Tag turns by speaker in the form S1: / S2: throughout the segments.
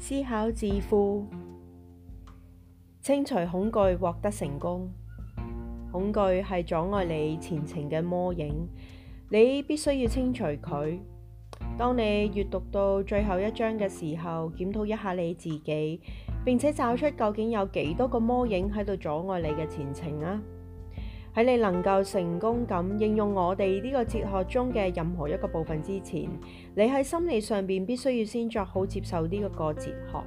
S1: 思考致富，清除恐懼，獲得成功。恐懼係阻礙你前程嘅魔影，你必須要清除佢。當你閱讀到最後一章嘅時候，檢討一下你自己，並且找出究竟有幾多個魔影喺度阻礙你嘅前程啊！喺你能夠成功咁應用我哋呢個哲學中嘅任何一個部分之前，你喺心理上邊必須要先作好接受呢個哲學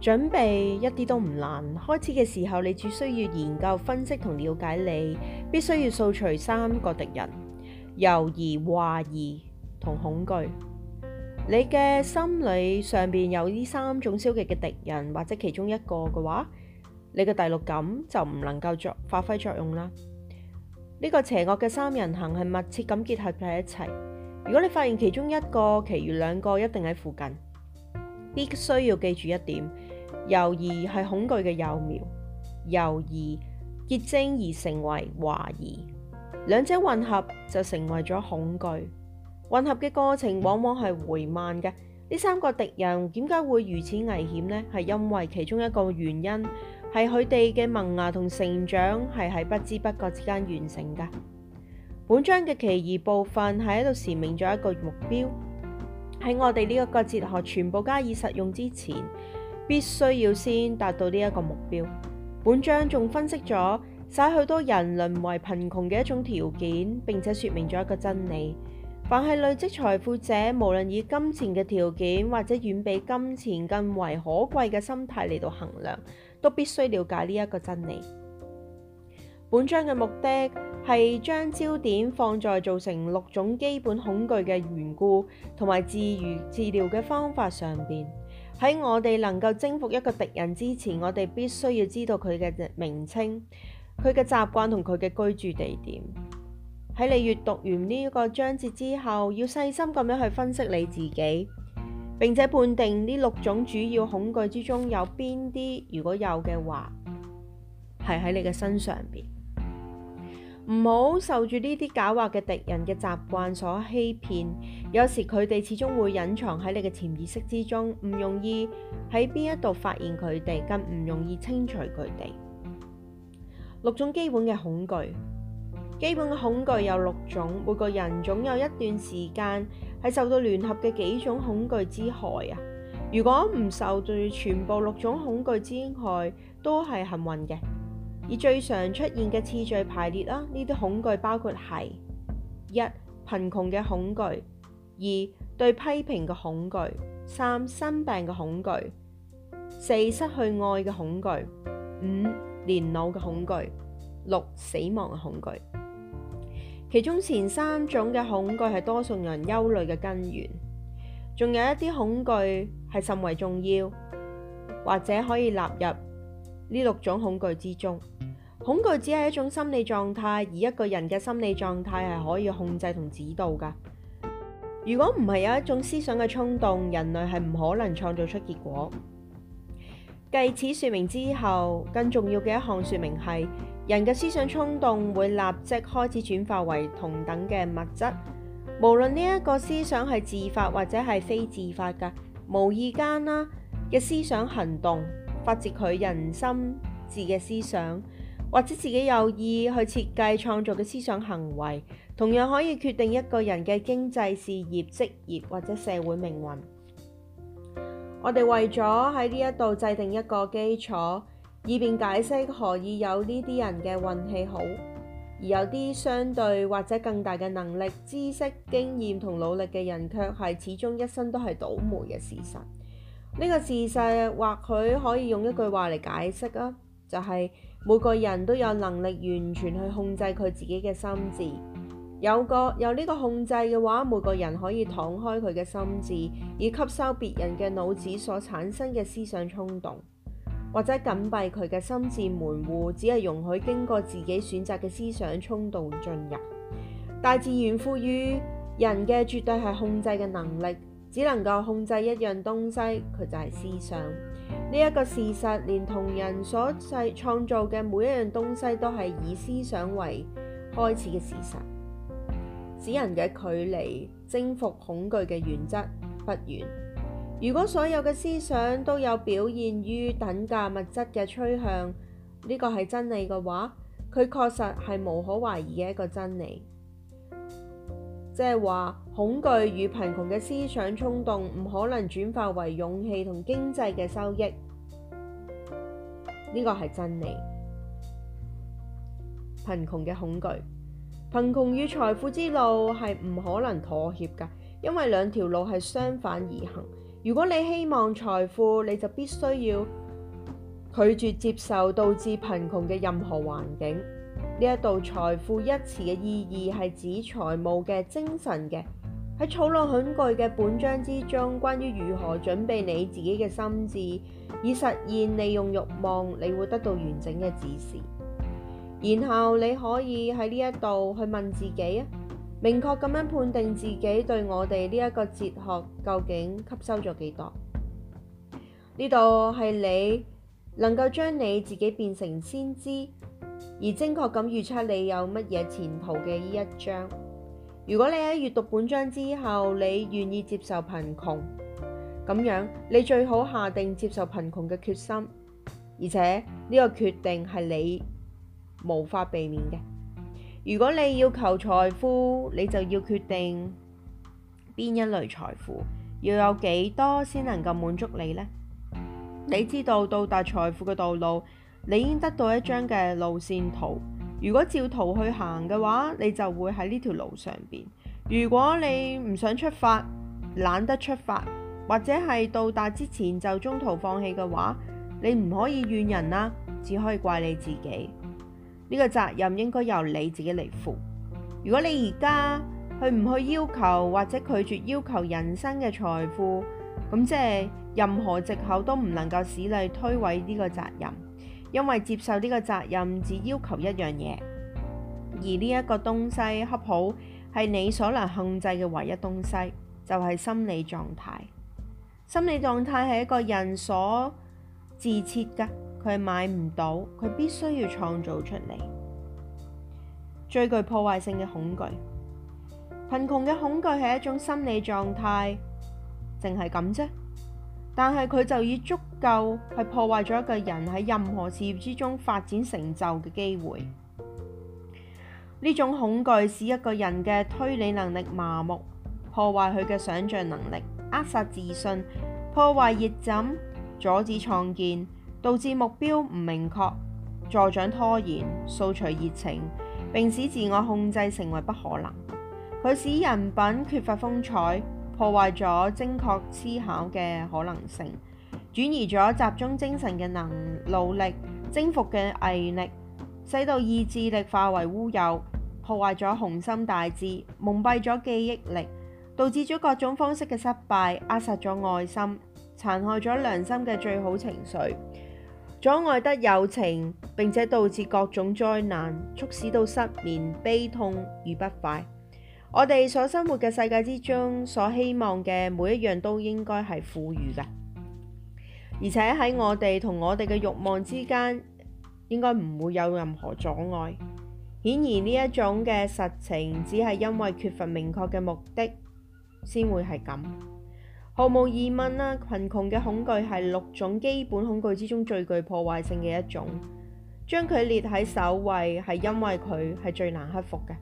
S1: 準備，一啲都唔難。開始嘅時候，你只需要研究、分析同了解你必須要掃除三個敵人：猶疑、懷疑同恐懼。你嘅心理上邊有呢三種消極嘅敵人，或者其中一個嘅話。你嘅第六感就唔能夠作發揮作用啦。呢個邪惡嘅三人行係密切咁結合喺一齊。如果你發現其中一個，其餘兩個一定喺附近。必須要記住一點：猶疑係恐懼嘅幼苗，猶疑結晶而成為懷疑，兩者混合就成為咗恐懼。混合嘅過程往往係緩慢嘅。呢三個敵人點解會如此危險呢？係因為其中一個原因。係佢哋嘅萌芽同成長，係喺不知不覺之間完成噶。本章嘅奇異部分係喺度闡明咗一個目標，喺我哋呢一個哲學全部加以實用之前，必須要先達到呢一個目標。本章仲分析咗使許多人淪為貧窮嘅一種條件，並且說明咗一個真理：凡係累積財富者，無論以金錢嘅條件或者遠比金錢更為可貴嘅心態嚟到衡量。都必須了解呢一個真理。本章嘅目的係將焦點放在造成六種基本恐懼嘅緣故，同埋治癒治療嘅方法上邊。喺我哋能夠征服一個敵人之前，我哋必須要知道佢嘅名稱、佢嘅習慣同佢嘅居住地點。喺你閱讀完呢一個章節之後，要細心咁樣去分析你自己。並且判定呢六種主要恐懼之中有邊啲，如果有嘅話，係喺你嘅身上邊。唔好受住呢啲狡猾嘅敵人嘅習慣所欺騙。有時佢哋始終會隱藏喺你嘅潛意識之中，唔容易喺邊一度發現佢哋，更唔容易清除佢哋。六種基本嘅恐懼，基本嘅恐懼有六種，每個人總有一段時間。係受到聯合嘅幾種恐懼之害啊！如果唔受到全部六種恐懼之害，都係幸運嘅。而最常出現嘅次序排列啦，呢啲恐懼包括係：一、貧窮嘅恐懼；二、對批評嘅恐懼；三、生病嘅恐懼；四、失去愛嘅恐懼；五、年老嘅恐懼；六、死亡嘅恐懼。其中前三種嘅恐懼係多數人憂慮嘅根源，仲有一啲恐懼係甚為重要，或者可以納入呢六種恐懼之中。恐懼只係一種心理狀態，而一個人嘅心理狀態係可以控制同指導㗎。如果唔係有一種思想嘅衝動，人類係唔可能創造出結果。繼此說明之後，更重要嘅一項說明係：人嘅思想衝動會立即開始轉化為同等嘅物質，無論呢一個思想係自發或者係非自發嘅，無意間啦嘅思想行動，發自佢人心智嘅思想，或者自己有意去設計創造嘅思想行為，同樣可以決定一個人嘅經濟事業職業或者社會命運。我哋為咗喺呢一度制定一個基礎。以便解釋何以有呢啲人嘅運氣好，而有啲相對或者更大嘅能力、知識、經驗同努力嘅人，卻係始終一生都係倒楣嘅事實。呢、這個事實或許可以用一句話嚟解釋啊，就係、是、每個人都有能力完全去控制佢自己嘅心智。有個有呢個控制嘅話，每個人可以敞開佢嘅心智，以吸收別人嘅腦子所產生嘅思想衝動。或者緊閉佢嘅心智門戶，只係容許經過自己選擇嘅思想衝動進入。大自然賦予人嘅絕對係控制嘅能力，只能夠控制一樣東西，佢就係思想。呢一個事實，連同人所製創造嘅每一樣東西，都係以思想為開始嘅事實。使人嘅距離征服恐懼嘅原則不遠。如果所有嘅思想都有表現於等價物質嘅趨向，呢個係真理嘅話，佢確實係無可懷疑嘅一個真理。即係話，恐懼與貧窮嘅思想衝動唔可能轉化為勇氣同經濟嘅收益，呢個係真理。貧窮嘅恐懼，貧窮與財富之路係唔可能妥協噶因為兩條路係相反而行。如果你希望財富，你就必須要拒絕接受導致貧窮嘅任何環境。呢一度財富一詞嘅意義係指財務嘅精神嘅。喺草浪很巨嘅本章之中，關於如何準備你自己嘅心智，以實現利用慾望，你會得到完整嘅指示。然後你可以喺呢一度去問自己啊。明確咁樣判定自己對我哋呢一個哲學究竟吸收咗幾多？呢度係你能夠將你自己變成先知，而精確咁預測你有乜嘢前途嘅呢一章。如果你喺閱讀本章之後，你願意接受貧窮，咁樣你最好下定接受貧窮嘅決心，而且呢個決定係你無法避免嘅。如果你要求財富，你就要決定邊一類財富，要有幾多先能夠滿足你呢？你知道到達財富嘅道路，你已經得到一張嘅路綫圖。如果照圖去行嘅話，你就會喺呢條路上邊。如果你唔想出發，懶得出發，或者係到達之前就中途放棄嘅話，你唔可以怨人啦，只可以怪你自己。呢個責任應該由你自己嚟負。如果你而家去唔去要求或者拒絕要求人生嘅財富，咁即係任何藉口都唔能夠使你推諉呢個責任，因為接受呢個責任只要求一樣嘢，而呢一個東西恰好係你所能控制嘅唯一東西，就係心理狀態。心理狀態係一個人所自設噶。佢係買唔到，佢必須要創造出嚟。最具破壞性嘅恐懼，貧窮嘅恐懼係一種心理狀態，淨係咁啫。但係佢就已足夠去破壞咗一個人喺任何事業之中發展成就嘅機會。呢種恐懼使一個人嘅推理能力麻木，破壞佢嘅想象能力，扼殺自信，破壞熱忱，阻止創建。導致目標唔明確，助長拖延、掃除熱情，並使自我控制成為不可能。佢使人品缺乏風采，破壞咗精確思考嘅可能性，轉移咗集中精神嘅能力，努力征服嘅毅力，使到意志力化為烏有，破壞咗雄心大志，蒙蔽咗記憶力，導致咗各種方式嘅失敗，扼殺咗愛心，殘害咗良心嘅最好情緒。阻礙得友情，並且導致各種災難，促使到失眠、悲痛與不快。我哋所生活嘅世界之中，所希望嘅每一樣都應該係富裕嘅，而且喺我哋同我哋嘅欲望之間，應該唔會有任何阻礙。顯然呢一種嘅實情，只係因為缺乏明確嘅目的，先會係咁。毫無疑問啦，貧窮嘅恐懼係六種基本恐懼之中最具破壞性嘅一種，將佢列喺首位係因為佢係最難克服嘅。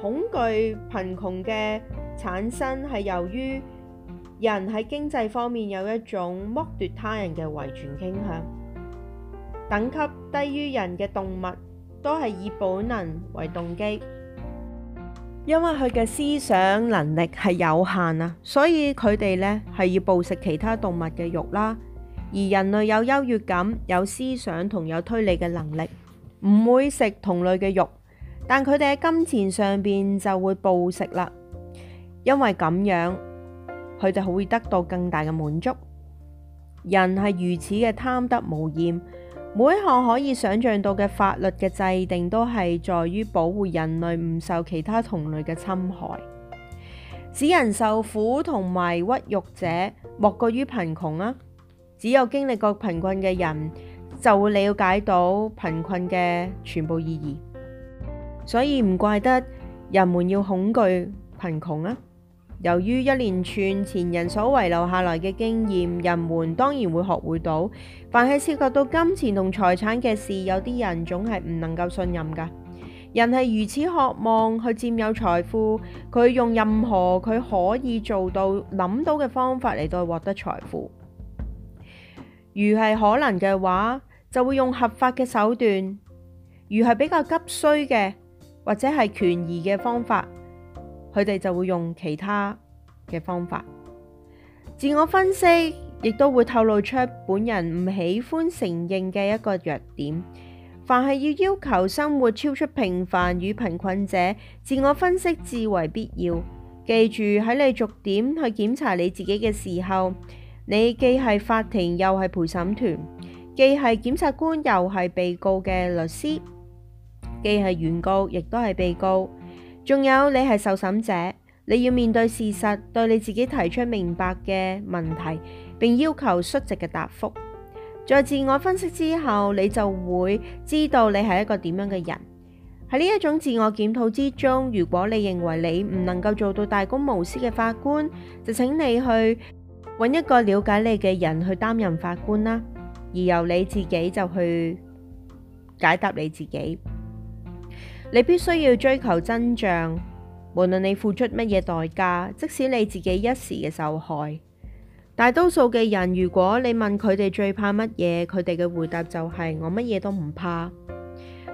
S1: 恐懼貧窮嘅產生係由於人喺經濟方面有一種剝奪他人嘅遺傳傾向，等級低於人嘅動物都係以本能為動機。因為佢嘅思想能力係有限啊，所以佢哋呢係要捕食其他動物嘅肉啦。而人類有優越感，有思想同有推理嘅能力，唔會食同類嘅肉。但佢哋喺金錢上面就會捕食啦，因為咁樣佢哋會得到更大嘅滿足。人係如此嘅貪得無厭。每一項可以想象到嘅法律嘅制定，都係在於保護人類唔受其他同類嘅侵害。使人受苦同埋屈辱者，莫過於貧窮啊！只有經歷過貧困嘅人，就會了解到貧困嘅全部意義。所以唔怪得人們要恐懼貧窮啊！由於一連串前人所遺留下來嘅經驗，人們當然會學會到，凡係涉及到金錢同財產嘅事，有啲人總係唔能夠信任嘅。人係如此渴望去佔有財富，佢用任何佢可以做到諗到嘅方法嚟到獲得財富。如係可能嘅話，就會用合法嘅手段；如係比較急需嘅，或者係權宜嘅方法。佢哋就會用其他嘅方法。自我分析，亦都會透露出本人唔喜歡承認嘅一個弱點。凡係要要求生活超出平凡與貧困者，自我分析至為必要。記住，喺你逐點去檢查你自己嘅時候，你既係法庭又係陪審團，既係檢察官又係被告嘅律師，既係原告亦都係被告。仲有，你係受審者，你要面對事實，對你自己提出明白嘅問題，並要求率直嘅答複。在自我分析之後，你就會知道你係一個點樣嘅人。喺呢一種自我檢討之中，如果你認為你唔能夠做到大公無私嘅法官，就請你去搵一個了解你嘅人去擔任法官啦，而由你自己就去解答你自己。你必須要追求真相，無論你付出乜嘢代價，即使你自己一時嘅受害。大多數嘅人，如果你問佢哋最怕乜嘢，佢哋嘅回答就係、是、我乜嘢都唔怕。呢、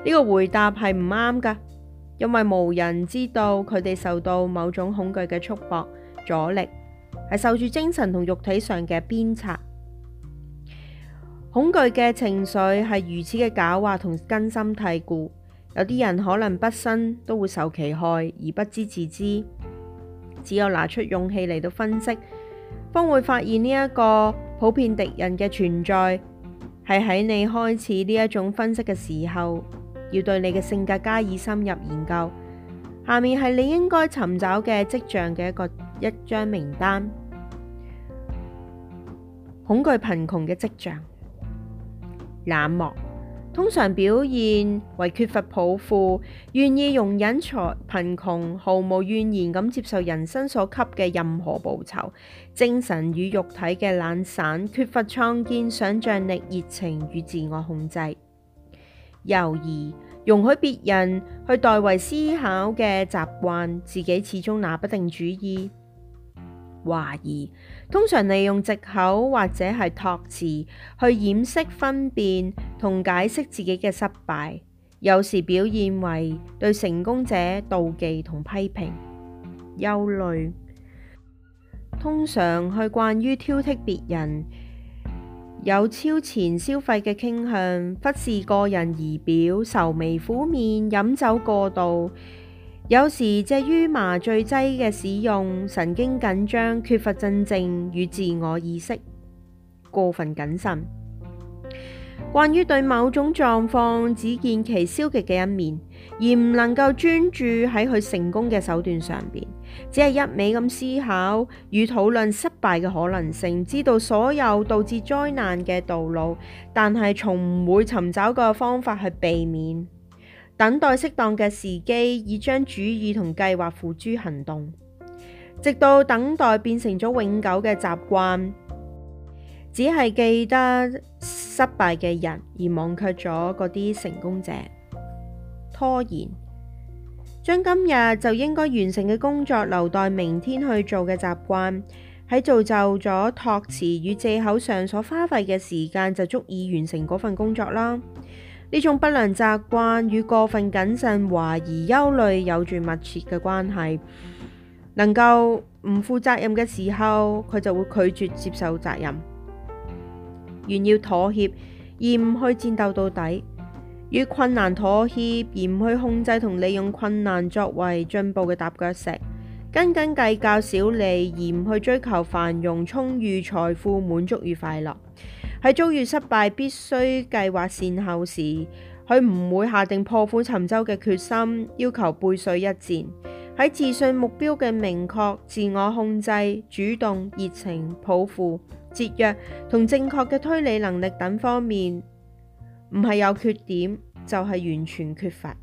S1: 這個回答係唔啱㗎，因為無人知道佢哋受到某種恐懼嘅束縛阻力，係受住精神同肉體上嘅鞭策。恐懼嘅情緒係如此嘅狡猾同根深蒂固。有啲人可能畢生，都會受其害而不知自知，只有拿出勇氣嚟到分析，方會發現呢一個普遍敵人嘅存在係喺你開始呢一種分析嘅時候，要對你嘅性格加以深入研究。下面係你應該尋找嘅跡象嘅一個一張名單：恐懼貧窮嘅跡象，冷漠。通常表現為缺乏抱負，願意容忍財貧窮，毫無怨言咁接受人生所給嘅任何報酬；精神與肉體嘅懶散，缺乏創建、想象力、熱情與自我控制；猶豫，容許別人去代為思考嘅習慣，自己始終拿不定主意；懷疑。通常利用藉口或者係託詞去掩飾分辨同解釋自己嘅失敗，有時表現為對成功者妒忌同批評、憂慮。通常係慣於挑剔別人，有超前消費嘅傾向，忽視個人儀表，愁眉苦面，飲酒過度。有時借於麻醉劑嘅使用，神經緊張，缺乏鎮靜與自我意識，過分謹慎。慣於對某種狀況只見其消極嘅一面，而唔能夠專注喺佢成功嘅手段上邊，只係一味咁思考與討論失敗嘅可能性，知道所有導致災難嘅道路，但係從唔會尋找個方法去避免。等待適當嘅時機，以將主意同計劃付諸行動，直到等待變成咗永久嘅習慣，只係記得失敗嘅人，而忘卻咗嗰啲成功者。拖延，將今日就應該完成嘅工作留待明天去做嘅習慣，喺造就咗託詞與藉口上所花費嘅時間，就足以完成嗰份工作啦。呢種不良習慣與過分謹慎、懷疑、憂慮有住密切嘅關係。能夠唔負責任嘅時候，佢就會拒絕接受責任，願要妥協而唔去戰鬥到底；與困難妥協而唔去控制同利用困難作為進步嘅踏腳石；斤斤計較小利而唔去追求繁榮、充裕、財富、滿足與快樂。喺遭遇失敗，必須計劃善後時，佢唔會下定破釜沉舟嘅決心，要求背水一戰。喺自信目標嘅明確、自我控制、主動、熱情、抱負、節約同正確嘅推理能力等方面，唔係有缺點，就係完全缺乏。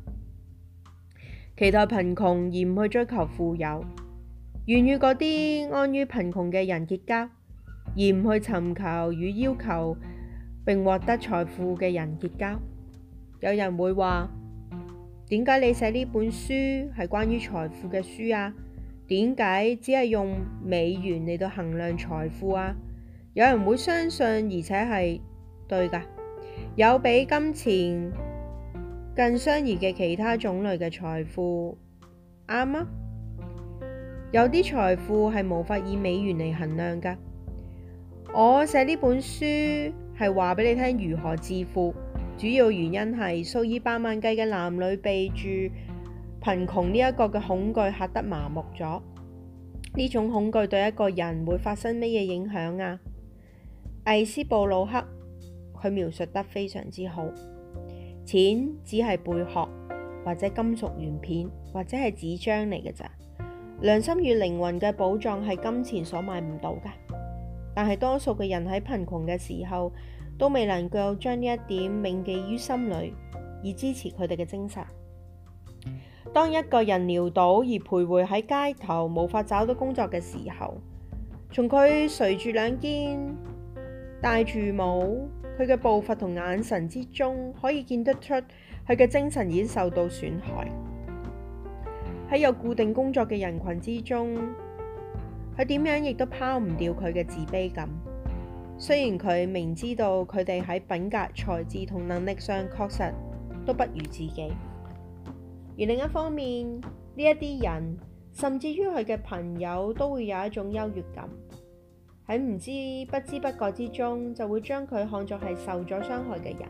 S1: 期待貧窮而唔去追求富有，願與嗰啲安於貧窮嘅人結交。而唔去尋求與要求並獲得財富嘅人結交。有人會話：點解你寫呢本書係關於財富嘅書啊？點解只係用美元嚟到衡量財富啊？有人會相信而且係對噶。有比金錢更相宜嘅其他種類嘅財富，啱嗎？有啲財富係無法以美元嚟衡量噶。我寫呢本書係話俾你聽如何致富，主要原因係數以百萬計嘅男女被住貧窮呢一個嘅恐懼嚇得麻木咗。呢種恐懼對一個人會發生咩嘢影響啊？艾斯布魯克佢描述得非常之好。錢只係貝殼或者金屬原片或者係紙張嚟嘅咋。良心與靈魂嘅寶藏係金錢所買唔到噶。但係多數嘅人喺貧窮嘅時候，都未能夠將呢一點銘記於心裏，以支持佢哋嘅精神。當一個人潦倒而徘徊喺街頭，無法找到工作嘅時候，從佢垂住兩肩、戴住帽、佢嘅步伐同眼神之中，可以見得出佢嘅精神已經受到損害。喺有固定工作嘅人群之中，佢點樣亦都拋唔掉佢嘅自卑感，雖然佢明知道佢哋喺品格、才智同能力上確實都不如自己。而另一方面，呢一啲人甚至於佢嘅朋友都會有一種優越感，喺唔知不知不覺之中就會將佢看作係受咗傷害嘅人。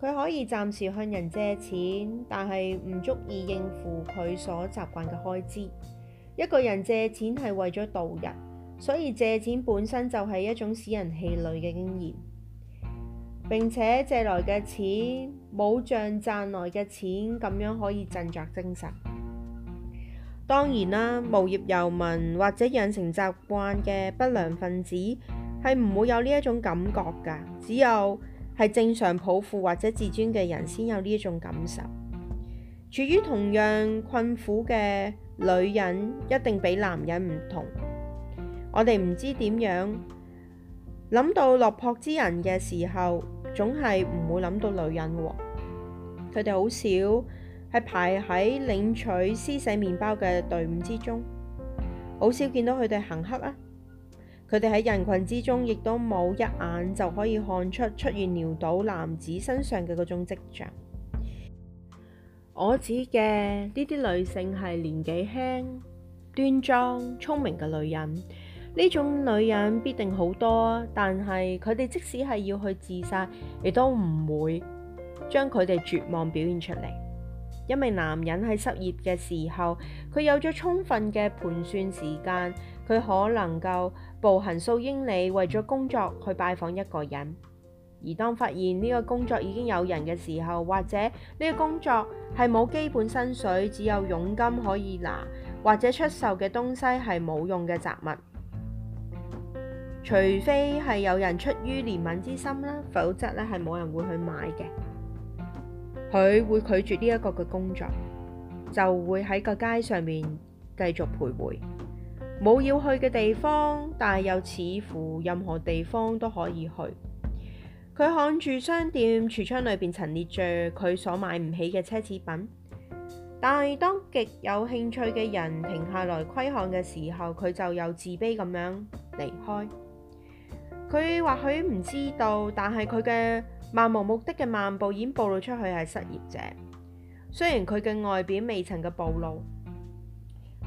S1: 佢可以暫時向人借錢，但係唔足以應付佢所習慣嘅開支。一個人借錢係為咗度日，所以借錢本身就係一種使人氣餒嘅經驗，並且借來嘅錢冇像賺來嘅錢咁樣可以振作精神。當然啦，無業遊民或者養成習慣嘅不良分子係唔會有呢一種感覺㗎，只有係正常抱負或者自尊嘅人先有呢一種感受。處於同樣困苦嘅女人一定比男人唔同。我哋唔知點樣諗到落魄之人嘅時候，總係唔會諗到女人喎。佢哋好少係排喺領取施捨麵包嘅隊伍之中，好少見到佢哋行乞啊。佢哋喺人群之中，亦都冇一眼就可以看出出現潦倒男子身上嘅嗰種跡象。我指嘅呢啲女性係年紀輕、端莊、聰明嘅女人，呢種女人必定好多，但係佢哋即使係要去自殺，亦都唔會將佢哋絕望表現出嚟。因為男人喺失業嘅時候，佢有咗充分嘅盤算時間，佢可能夠步行數英里為咗工作去拜訪一個人。而當發現呢個工作已經有人嘅時候，或者呢個工作係冇基本薪水，只有佣金可以拿，或者出售嘅東西係冇用嘅雜物，除非係有人出於憐憫之心啦，否則呢係冇人會去買嘅。佢會拒絕呢一個嘅工作，就會喺個街上面繼續徘徊，冇要去嘅地方，但係又似乎任何地方都可以去。佢看住商店櫥窗裏邊陳列着佢所買唔起嘅奢侈品，但係當極有興趣嘅人停下來窺看嘅時候，佢就有自卑咁樣離開。佢或許唔知道，但係佢嘅漫無目的嘅漫步已經暴露出佢係失業者。雖然佢嘅外表未曾嘅暴露，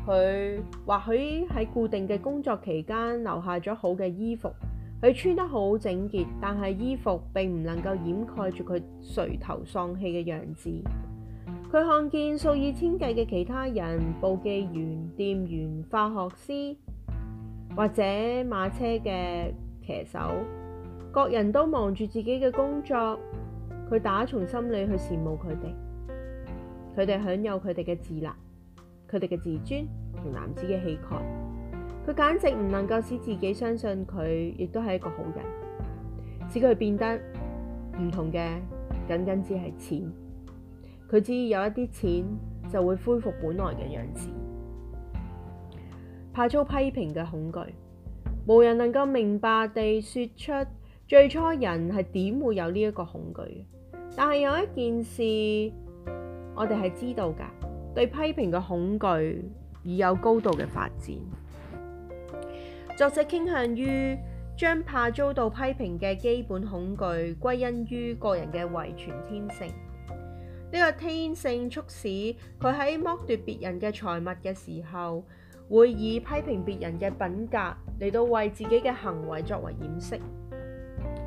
S1: 佢或許喺固定嘅工作期間留下咗好嘅衣服。佢穿得好整潔，但係衣服並唔能夠掩蓋住佢垂頭喪氣嘅樣子。佢看見數以千計嘅其他人，簿記員、店員、化學師或者馬車嘅騎手，各人都忙住自己嘅工作。佢打從心裏去羨慕佢哋，佢哋享有佢哋嘅自立，佢哋嘅自尊同男子嘅氣概。佢簡直唔能夠使自己相信佢亦都係一個好人，使佢變得唔同嘅，僅僅只係錢。佢只要有一啲錢就會恢復本來嘅樣子，怕遭批評嘅恐懼，無人能夠明白地說出最初人係點會有呢一個恐懼。但係有一件事，我哋係知道噶對批評嘅恐懼已有高度嘅發展。作者傾向於將怕遭到批評嘅基本恐懼歸因於個人嘅遺傳天性。呢、這個天性促使佢喺剝奪別人嘅財物嘅時候，會以批評別人嘅品格嚟到為自己嘅行為作為掩飾。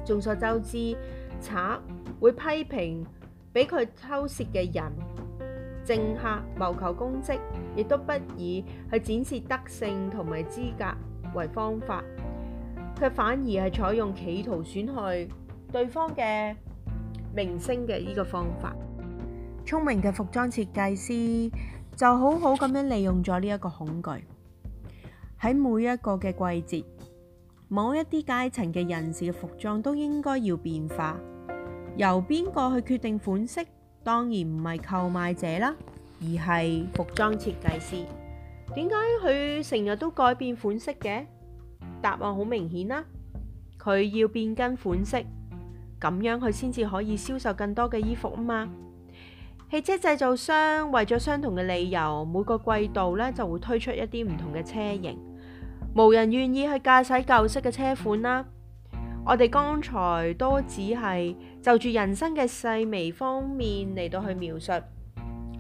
S1: 眾所周知，賊會批評俾佢偷竊嘅人；政客謀求公職，亦都不以去展示德性同埋資格。為方法，佢反而係採用企圖損害對方嘅名聲嘅呢個方法。聰明嘅服裝設計師就好好咁樣利用咗呢一個恐懼。喺每一個嘅季節，某一啲階層嘅人士嘅服裝都應該要變化。由邊個去決定款式？當然唔係購買者啦，而係服裝設計師。點解佢成日都改變款式嘅？答案好明顯啦，佢要變更款式，咁樣佢先至可以銷售更多嘅衣服啊嘛！汽車製造商為咗相同嘅理由，每個季度呢就會推出一啲唔同嘅車型，無人願意去駕駛舊式嘅車款啦。我哋剛才都只係就住人生嘅細微方面嚟到去描述，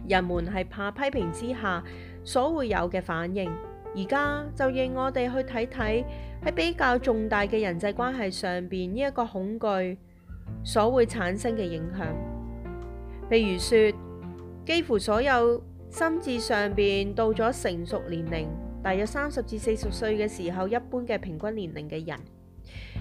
S1: 人們係怕批評之下。所會有嘅反應，而家就讓我哋去睇睇喺比較重大嘅人際關係上面呢一個恐懼所會產生嘅影響。譬如說，幾乎所有心智上面到咗成熟年齡，大約三十至四十歲嘅時候，一般嘅平均年齡嘅人，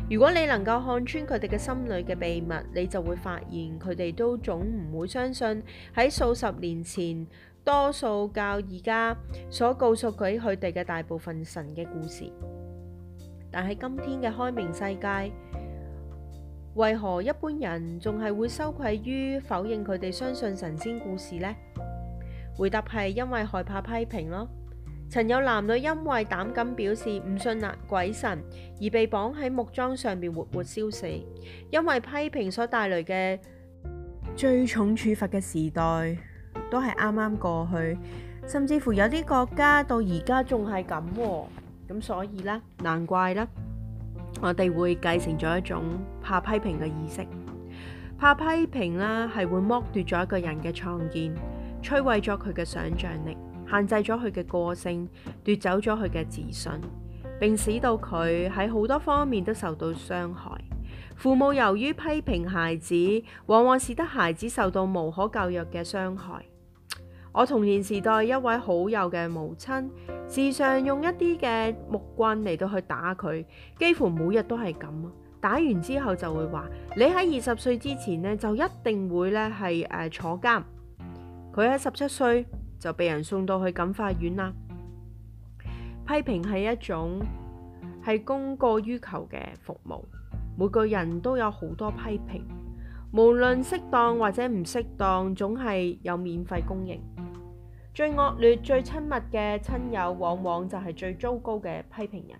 S1: 如果你能夠看穿佢哋嘅心裏嘅秘密，你就會發現佢哋都總唔會相信喺數十年前。多數教而家所告訴佢佢哋嘅大部分神嘅故事，但喺今天嘅開明世界，為何一般人仲係會羞愧於否認佢哋相信神仙故事呢？回答係因為害怕批評咯。曾有男女因為膽敢表示唔信鬼神而被綁喺木樁上面活活燒死，因為批評所帶來嘅最重處罰嘅時代。都係啱啱過去，甚至乎有啲國家到而家仲係咁喎。咁所以呢，難怪咧，我哋會繼承咗一種怕批評嘅意識。怕批評啦，係會剝奪咗一個人嘅創見，摧毀咗佢嘅想像力，限制咗佢嘅個性，奪走咗佢嘅自信，並使到佢喺好多方面都受到傷害。父母由於批評孩子，往往使得孩子受到無可救藥嘅傷害。我童年時代一位好友嘅母親，時常用一啲嘅木棍嚟到去打佢，幾乎每日都係咁啊。打完之後就會話：你喺二十歲之前咧，就一定會咧係誒坐監。佢喺十七歲就被人送到去感化院啦。批評係一種係供過於求嘅服務，每個人都有好多批評，無論適當或者唔適當，總係有免費供應。最惡劣、最親密嘅親友，往往就係最糟糕嘅批評人。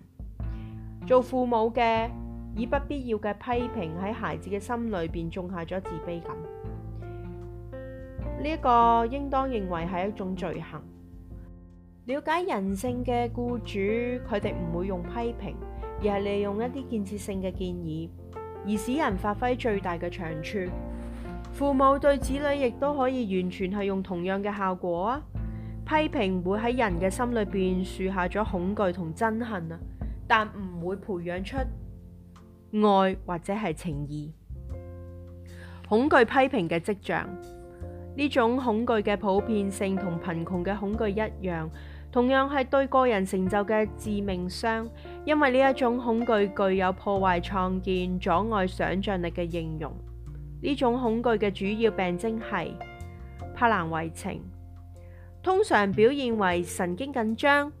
S1: 做父母嘅以不必要嘅批評喺孩子嘅心裏邊種下咗自卑感，呢一個應當認為係一種罪行。了解人性嘅僱主，佢哋唔會用批評，而係利用一啲建設性嘅建議，而使人發揮最大嘅長處。父母對子女亦都可以完全係用同樣嘅效果啊！批評會喺人嘅心裏邊樹下咗恐懼同憎恨啊，但唔會培養出愛或者係情意。恐懼批評嘅跡象，呢種恐懼嘅普遍性同貧窮嘅恐懼一樣，同樣係對個人成就嘅致命傷，因為呢一種恐懼具有破壞創建、阻礙想象力嘅應用。呢種恐懼嘅主要病徵係怕難為情。通常表現為神經緊張，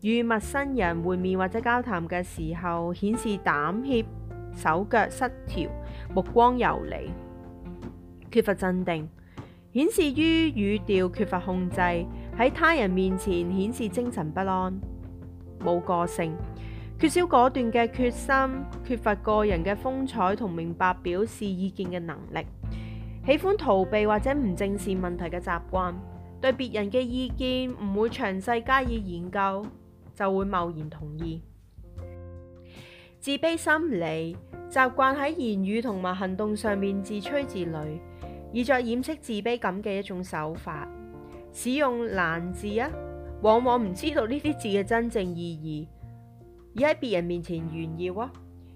S1: 與陌生人會面或者交談嘅時候，顯示膽怯、手腳失調、目光游離、缺乏鎮定；顯示於語調缺乏控制，喺他人面前顯示精神不安、冇個性、缺少果斷嘅決心、缺乏個人嘅風采同明白表示意見嘅能力，喜歡逃避或者唔正視問題嘅習慣。對別人嘅意見唔會詳細加以研究，就會貿然同意。自卑心理習慣喺言語同埋行動上面自吹自擂，以作掩飾自卑感嘅一種手法。使用難字啊，往往唔知道呢啲字嘅真正意義，而喺別人面前炫耀啊。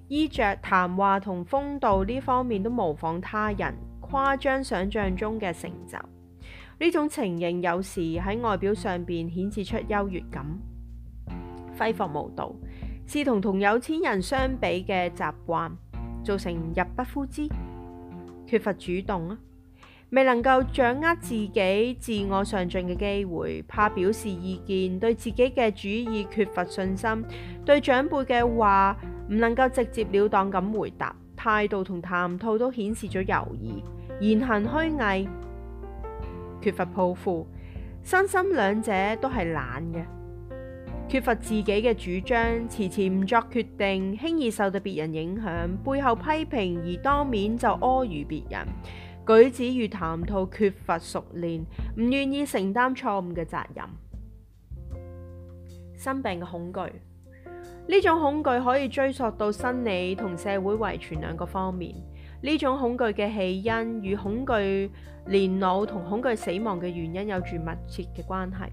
S1: 衣着、談話同風度呢方面都模仿他人，誇張想象中嘅成就。呢種情形有時喺外表上邊顯示出優越感、揮霍無度，是同同有錢人相比嘅習慣，造成入不敷支，缺乏主動啊，未能夠掌握自己自我上進嘅機會，怕表示意見，對自己嘅主意缺乏信心，對長輩嘅話唔能夠直接了當咁回答，態度同談吐都顯示咗猶豫，言行虛偽。缺乏抱負，身心兩者都係懶嘅；缺乏自己嘅主張，遲遲唔作決定，輕易受到別人影響，背後批評而當面就阿諛別人，舉止與談吐缺乏熟練，唔願意承擔錯誤嘅責任。生病嘅恐懼，呢種恐懼可以追溯到生理同社會遺傳兩個方面。呢種恐懼嘅起因與恐懼年老同恐懼死亡嘅原因有住密切嘅關係，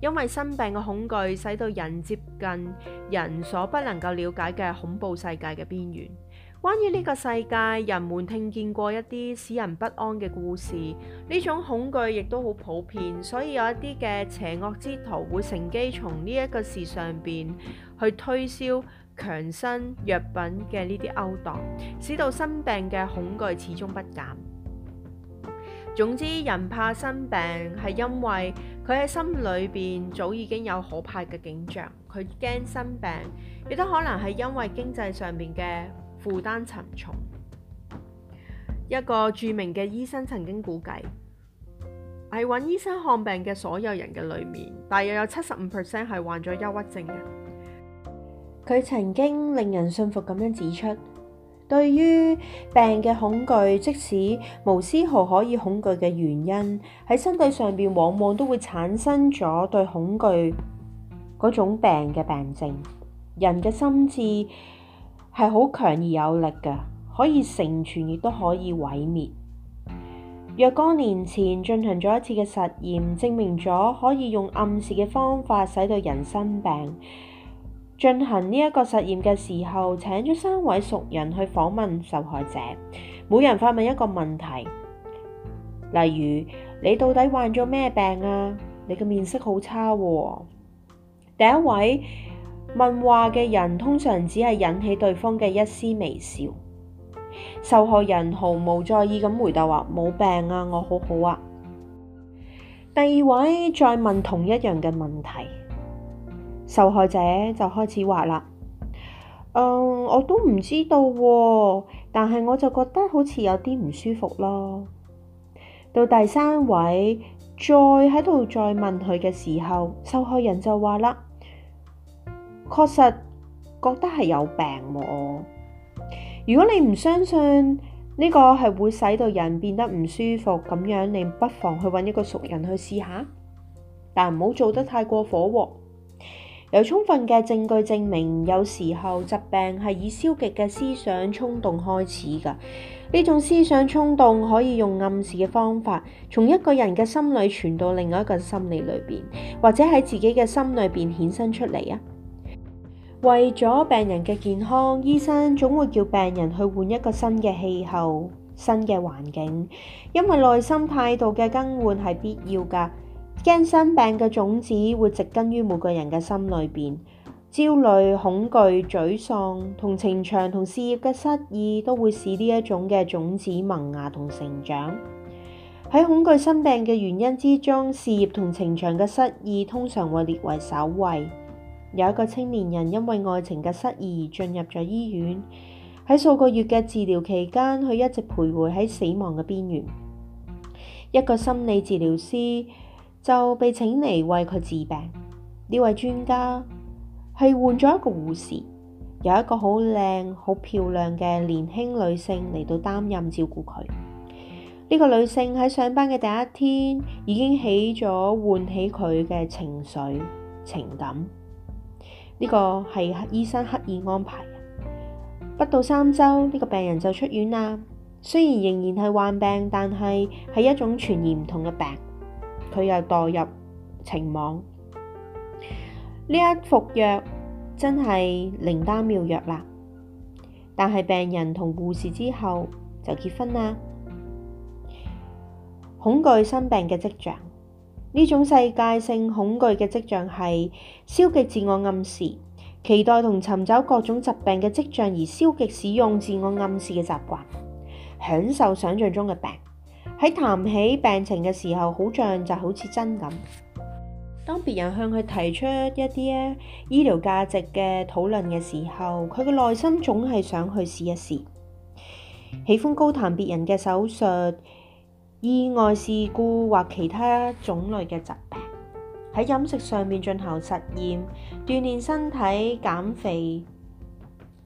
S1: 因為生病嘅恐懼使到人接近人所不能夠了解嘅恐怖世界嘅邊緣。關於呢個世界，人們聽見過一啲使人不安嘅故事。呢種恐懼亦都好普遍，所以有一啲嘅邪惡之徒會乘機從呢一個事上邊去推銷強身藥品嘅呢啲勾當，使到生病嘅恐懼始終不減。總之，人怕生病係因為佢喺心裏邊早已經有可怕嘅景象，佢驚生病，亦都可能係因為經濟上面嘅負擔沉重。一個著名嘅醫生曾經估計，係揾醫生看病嘅所有人嘅裏面，大約有七十五 percent 係患咗憂鬱症嘅。佢曾經令人信服咁樣指出，對於病嘅恐懼，即使無絲毫可以恐懼嘅原因，喺身體上邊往往都會產生咗對恐懼嗰種病嘅病症。人嘅心智係好強而有力嘅，可以成全亦都可以毀滅。若干年前進行咗一次嘅實驗，證明咗可以用暗示嘅方法使到人生病。進行呢一個實驗嘅時候，請咗三位熟人去訪問受害者，每人發問一個問題，例如：你到底患咗咩病啊？你嘅面色好差啊。第一位問話嘅人通常只係引起對方嘅一絲微笑，受害人毫無在意咁回答話啊：冇病啊，我好好啊。第二位再問同一樣嘅問題。受害者就開始話啦，嗯，我都唔知道喎、啊喎，但係我就覺得好似有啲唔舒服咯。到第三位再喺度再問佢嘅時候，受害人就話啦，確實覺得係有病喎。如果你唔相信呢個係會使到人變得唔舒服咁樣，你不妨去揾一個熟人去試下，但唔好做得太過火喎。有充分嘅證據證明，有時候疾病係以消極嘅思想衝動開始㗎。呢種思想衝動可以用暗示嘅方法，從一個人嘅心裏傳到另外一個心理裏邊，或者喺自己嘅心裏邊衍生出嚟啊。為咗病人嘅健康，醫生總會叫病人去換一個新嘅氣候、新嘅環境，因為內心態度嘅更換係必要㗎。驚生病嘅種子會植根於每個人嘅心裏邊，焦慮、恐懼、沮喪、同情場同事業嘅失意，都會使呢一種嘅種子萌芽同成長。喺恐懼生病嘅原因之中，事業同情場嘅失意通常會列為首位。有一個青年人因為愛情嘅失意而進入咗醫院，喺數個月嘅治療期間，佢一直徘徊喺死亡嘅邊緣。一個心理治療師就被請嚟為佢治病。呢位專家係換咗一個護士，有一個好靚、好漂亮嘅年輕女性嚟到擔任照顧佢。呢個女性喺上班嘅第一天已經起咗，喚起佢嘅情緒情感。呢個係醫生刻意安排。不到三周，呢個病人就出院啦。雖然仍然係患病，但係係一種全然唔同嘅病。佢又墮入情網，呢一服藥真係靈丹妙藥啦！但係病人同護士之後就結婚啦。恐懼生病嘅跡象，呢種世界性恐懼嘅跡象係消極自我暗示、期待同尋找各種疾病嘅跡象而消極使用自我暗示嘅習慣，享受想像中嘅病。喺談起病情嘅時候，好像就好似真咁。當別人向佢提出一啲咧醫療價值嘅討論嘅時候，佢嘅內心總係想去試一試。喜歡高談別人嘅手術、意外事故或其他種類嘅疾病。喺飲食上面進行實驗、鍛鍊身體減肥，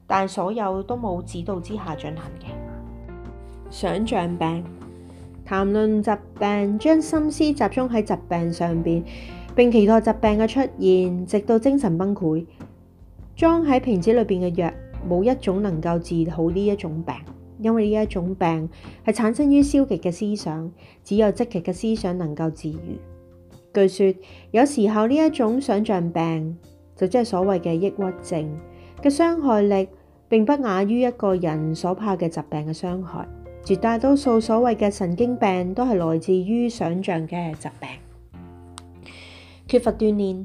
S1: 但所有都冇指導之下進行嘅。想像病。談論疾病，將心思集中喺疾病上邊，並期待疾病嘅出現，直到精神崩潰。裝喺瓶子裏邊嘅藥，冇一種能夠治好呢一種病，因為呢一種病係產生於消極嘅思想，只有積極嘅思想能夠治癒。據說，有時候呢一種想像病，就即係所謂嘅抑鬱症，嘅傷害力並不亞於一個人所怕嘅疾病嘅傷害。絕大多數所謂嘅神經病都係來自於想象嘅疾病。缺乏鍛煉，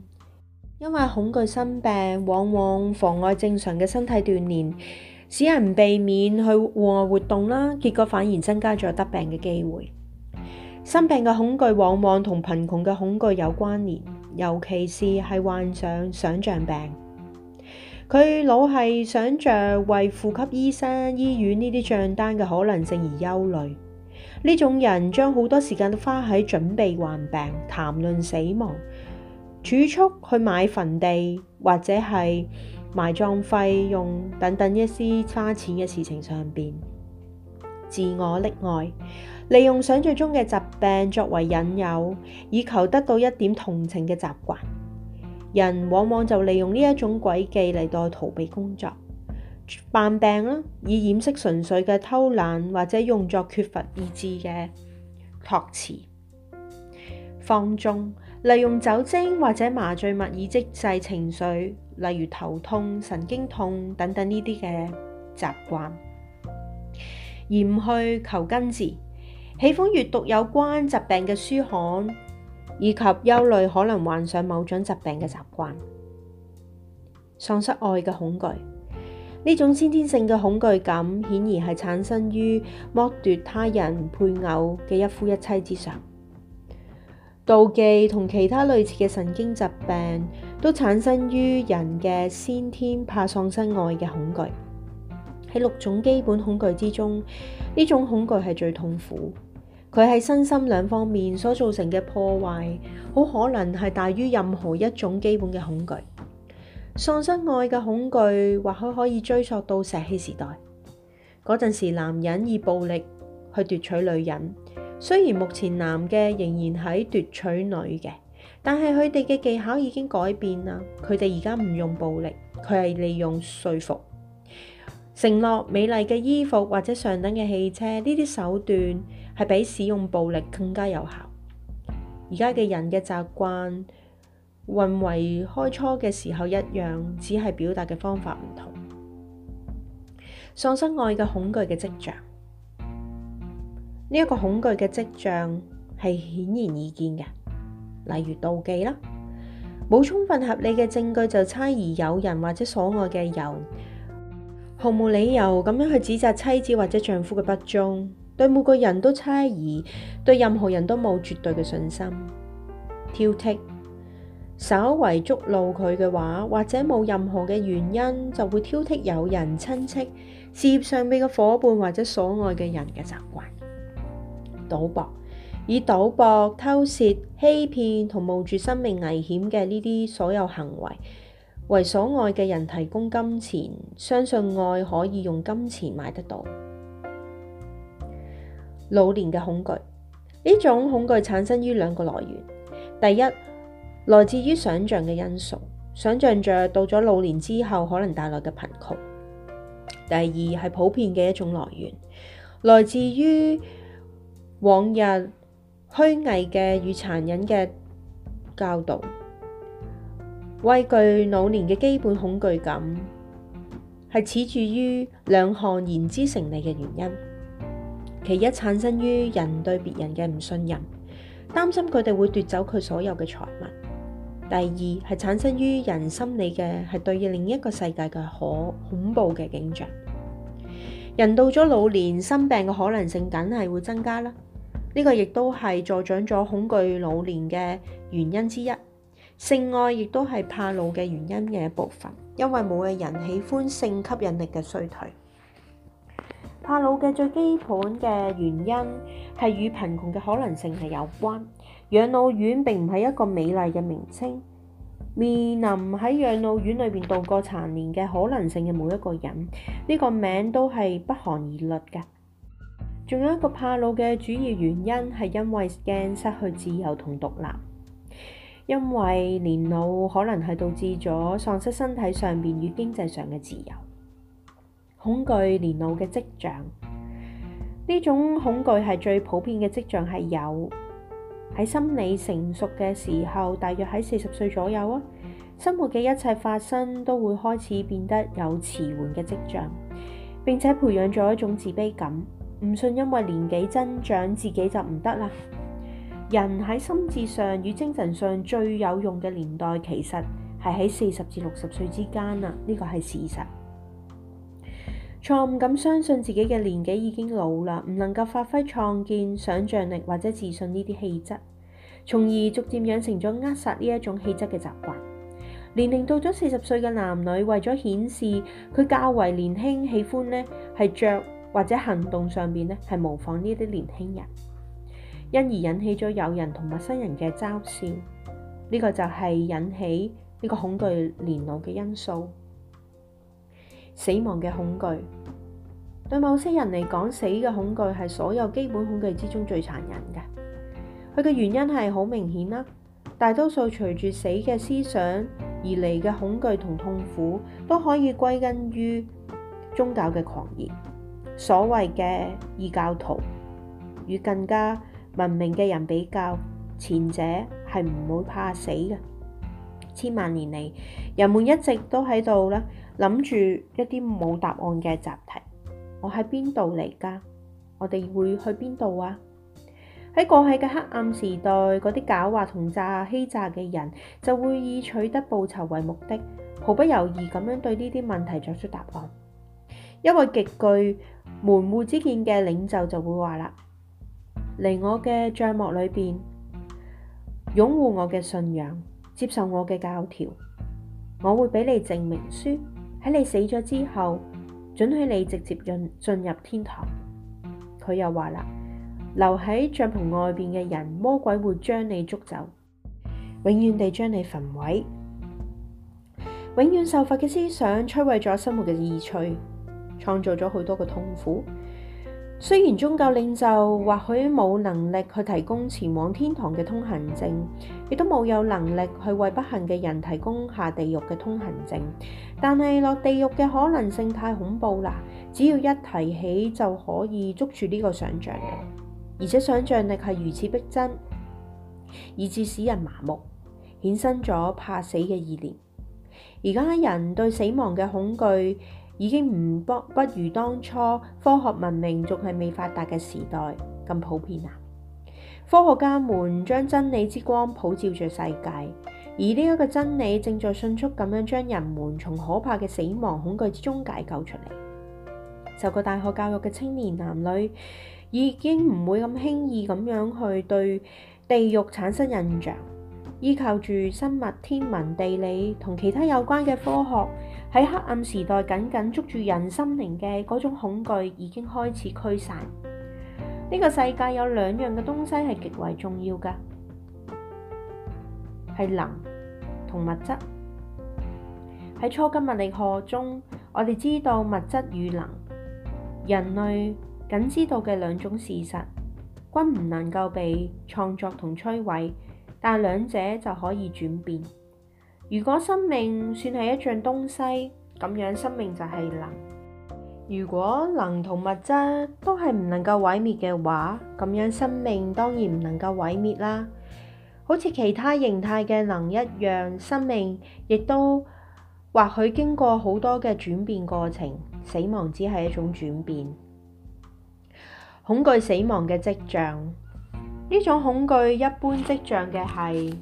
S1: 因為恐懼生病往往妨礙正常嘅身體鍛煉，使人避免去戶外活動啦，結果反而增加咗得病嘅機會。生病嘅恐懼往往同貧窮嘅恐懼有關聯，尤其是係患上想象病。佢老係想像為呼吸醫生、醫院呢啲賬單嘅可能性而憂慮。呢種人將好多時間都花喺準備患病、談論死亡、儲蓄去買墳地或者係埋葬費用等等一些花錢嘅事情上邊。自我溺愛，利用想象中嘅疾病作為引誘，以求得到一點同情嘅習慣。人往往就利用呢一種詭計嚟到逃避工作、扮病啦，以掩飾純粹嘅偷懶或者用作缺乏意志嘅託辭、放縱，利用酒精或者麻醉物以抑制情緒，例如頭痛、神經痛等等呢啲嘅習慣，而唔去求根治，喜歡閲讀有關疾病嘅書刊。以及憂慮可能患上某種疾病嘅習慣，喪失愛嘅恐懼，呢種先天性嘅恐懼感，顯然係產生於剝奪他人配偶嘅一夫一妻之上。妒忌同其他類似嘅神經疾病，都產生於人嘅先天怕喪失愛嘅恐懼。喺六種基本恐懼之中，呢種恐懼係最痛苦。佢喺身心兩方面所造成嘅破壞，好可能係大於任何一種基本嘅恐懼。喪失愛嘅恐懼，或許可以追溯到石器時代。嗰陣時，男人以暴力去奪取女人。雖然目前男嘅仍然喺奪取女嘅，但係佢哋嘅技巧已經改變啦。佢哋而家唔用暴力，佢係利用説服、承諾美麗嘅衣服或者上等嘅汽車呢啲手段。係比使用暴力更加有效。而家嘅人嘅習慣，混為開初嘅時候一樣，只係表達嘅方法唔同。喪失愛嘅恐懼嘅跡象，呢一個恐懼嘅跡象係顯而易見嘅，例如妒忌啦，冇充分合理嘅證據就猜疑友人或者所愛嘅人，毫無理由咁樣去指責妻子或者丈夫嘅不忠。對每個人都猜疑，對任何人都冇絕對嘅信心，挑剔，稍微觸怒佢嘅話，或者冇任何嘅原因就會挑剔友人、親戚、事業上面嘅伙伴或者所愛嘅人嘅習慣。賭博，以賭博、偷竊、欺騙同冒住生命危險嘅呢啲所有行為，為所愛嘅人提供金錢，相信愛可以用金錢買得到。老年嘅恐懼，呢種恐懼產生於兩個來源，第一來自於想象嘅因素，想象着到咗老年之後可能帶來嘅貧窮；第二係普遍嘅一種來源，來自於往日虛偽嘅與殘忍嘅教導。畏懼老年嘅基本恐懼感，係始住於兩項言之成理嘅原因。其一，產生於人對別人嘅唔信任，擔心佢哋會奪走佢所有嘅財物；第二，係產生於人心理嘅，係對另一個世界嘅可恐怖嘅景象。人到咗老年，生病嘅可能性梗係會增加啦，呢、這個亦都係助長咗恐懼老年嘅原因之一。性愛亦都係怕老嘅原因嘅一部分，因為冇嘅人喜歡性吸引力嘅衰退。怕老嘅最基本嘅原因係與貧窮嘅可能性係有關。養老院並唔係一個美麗嘅名稱，面臨喺養老院裏邊度過殘年嘅可能性嘅每一個人，呢個名都係不寒而栗嘅。仲有一個怕老嘅主要原因係因為驚失去自由同獨立，因為年老可能係導致咗喪失身體上邊與經濟上嘅自由。恐懼年老嘅跡象，呢種恐懼係最普遍嘅跡象係有喺心理成熟嘅時候，大約喺四十歲左右啊。生活嘅一切發生都會開始變得有遲緩嘅跡象，並且培養咗一種自卑感。唔信，因為年紀增長自己就唔得啦。人喺心智上與精神上最有用嘅年代，其實係喺四十至六十歲之間啊，呢個係事實。錯誤咁相信自己嘅年紀已經老啦，唔能夠發揮創建、想像力或者自信呢啲氣質，從而逐漸養成咗扼殺呢一種氣質嘅習慣。年齡到咗四十歲嘅男女，為咗顯示佢較為年輕，喜歡呢係着或者行動上邊呢係模仿呢啲年輕人，因而引起咗友人同陌生人嘅嘲笑。呢、這個就係引起呢個恐懼年老嘅因素。死亡嘅恐懼，對某些人嚟講，死嘅恐懼係所有基本恐懼之中最殘忍嘅。佢嘅原因係好明顯啦。大多數隨住死嘅思想而嚟嘅恐懼同痛苦，都可以歸根於宗教嘅狂熱。所謂嘅異教徒與更加文明嘅人比較，前者係唔會怕死嘅。千萬年嚟，人們一直都喺度啦。諗住一啲冇答案嘅習題，我喺邊度嚟㗎？我哋會去邊度啊？喺過去嘅黑暗時代，嗰啲狡猾同詐欺詐嘅人就會以取得報酬為目的，毫不猶豫咁樣對呢啲問題作出答案。一位極具門戶之見嘅領袖就會話啦：嚟我嘅帳幕裏面，擁護我嘅信仰，接受我嘅教條，我會俾你證明書。喺你死咗之後，准許你直接入進入天堂。佢又話啦，留喺帳篷外邊嘅人，魔鬼會將你捉走，永遠地將你焚毀。永遠受罰嘅思想摧毀咗生活嘅意趣，創造咗好多嘅痛苦。雖然宗教領袖或許冇能力去提供前往天堂嘅通行證，亦都冇有能力去為不幸嘅人提供下地獄嘅通行證，但係落地獄嘅可能性太恐怖啦！只要一提起就可以捉住呢個想象力，而且想象力係如此逼真，以致使人麻木，衍生咗怕死嘅意念。而家啲人對死亡嘅恐懼，已經唔不不如當初科學文明仲係未發達嘅時代咁普遍啦。科學家們將真理之光普照着世界，而呢一個真理正在迅速咁樣將人們從可怕嘅死亡恐懼之中解救出嚟。受過大學教育嘅青年男女已經唔會咁輕易咁樣去對地獄產生印象，依靠住生物、天文、地理同其他有關嘅科學。喺黑暗時代，緊緊捉住人心靈嘅嗰種恐懼已經開始驅散。呢個世界有兩樣嘅東西係極為重要㗎，係能同物質。喺初級物理學中，我哋知道物質與能。人類僅知道嘅兩種事實，均唔能夠被創作同摧毀，但兩者就可以轉變。如果生命算係一樣東西，咁樣生命就係能。如果能同物質都係唔能夠毀滅嘅話，咁樣生命當然唔能夠毀滅啦。好似其他形態嘅能一樣，生命亦都或許經過好多嘅轉變過程，死亡只係一種轉變。恐懼死亡嘅迹象，呢種恐懼一般迹象嘅係。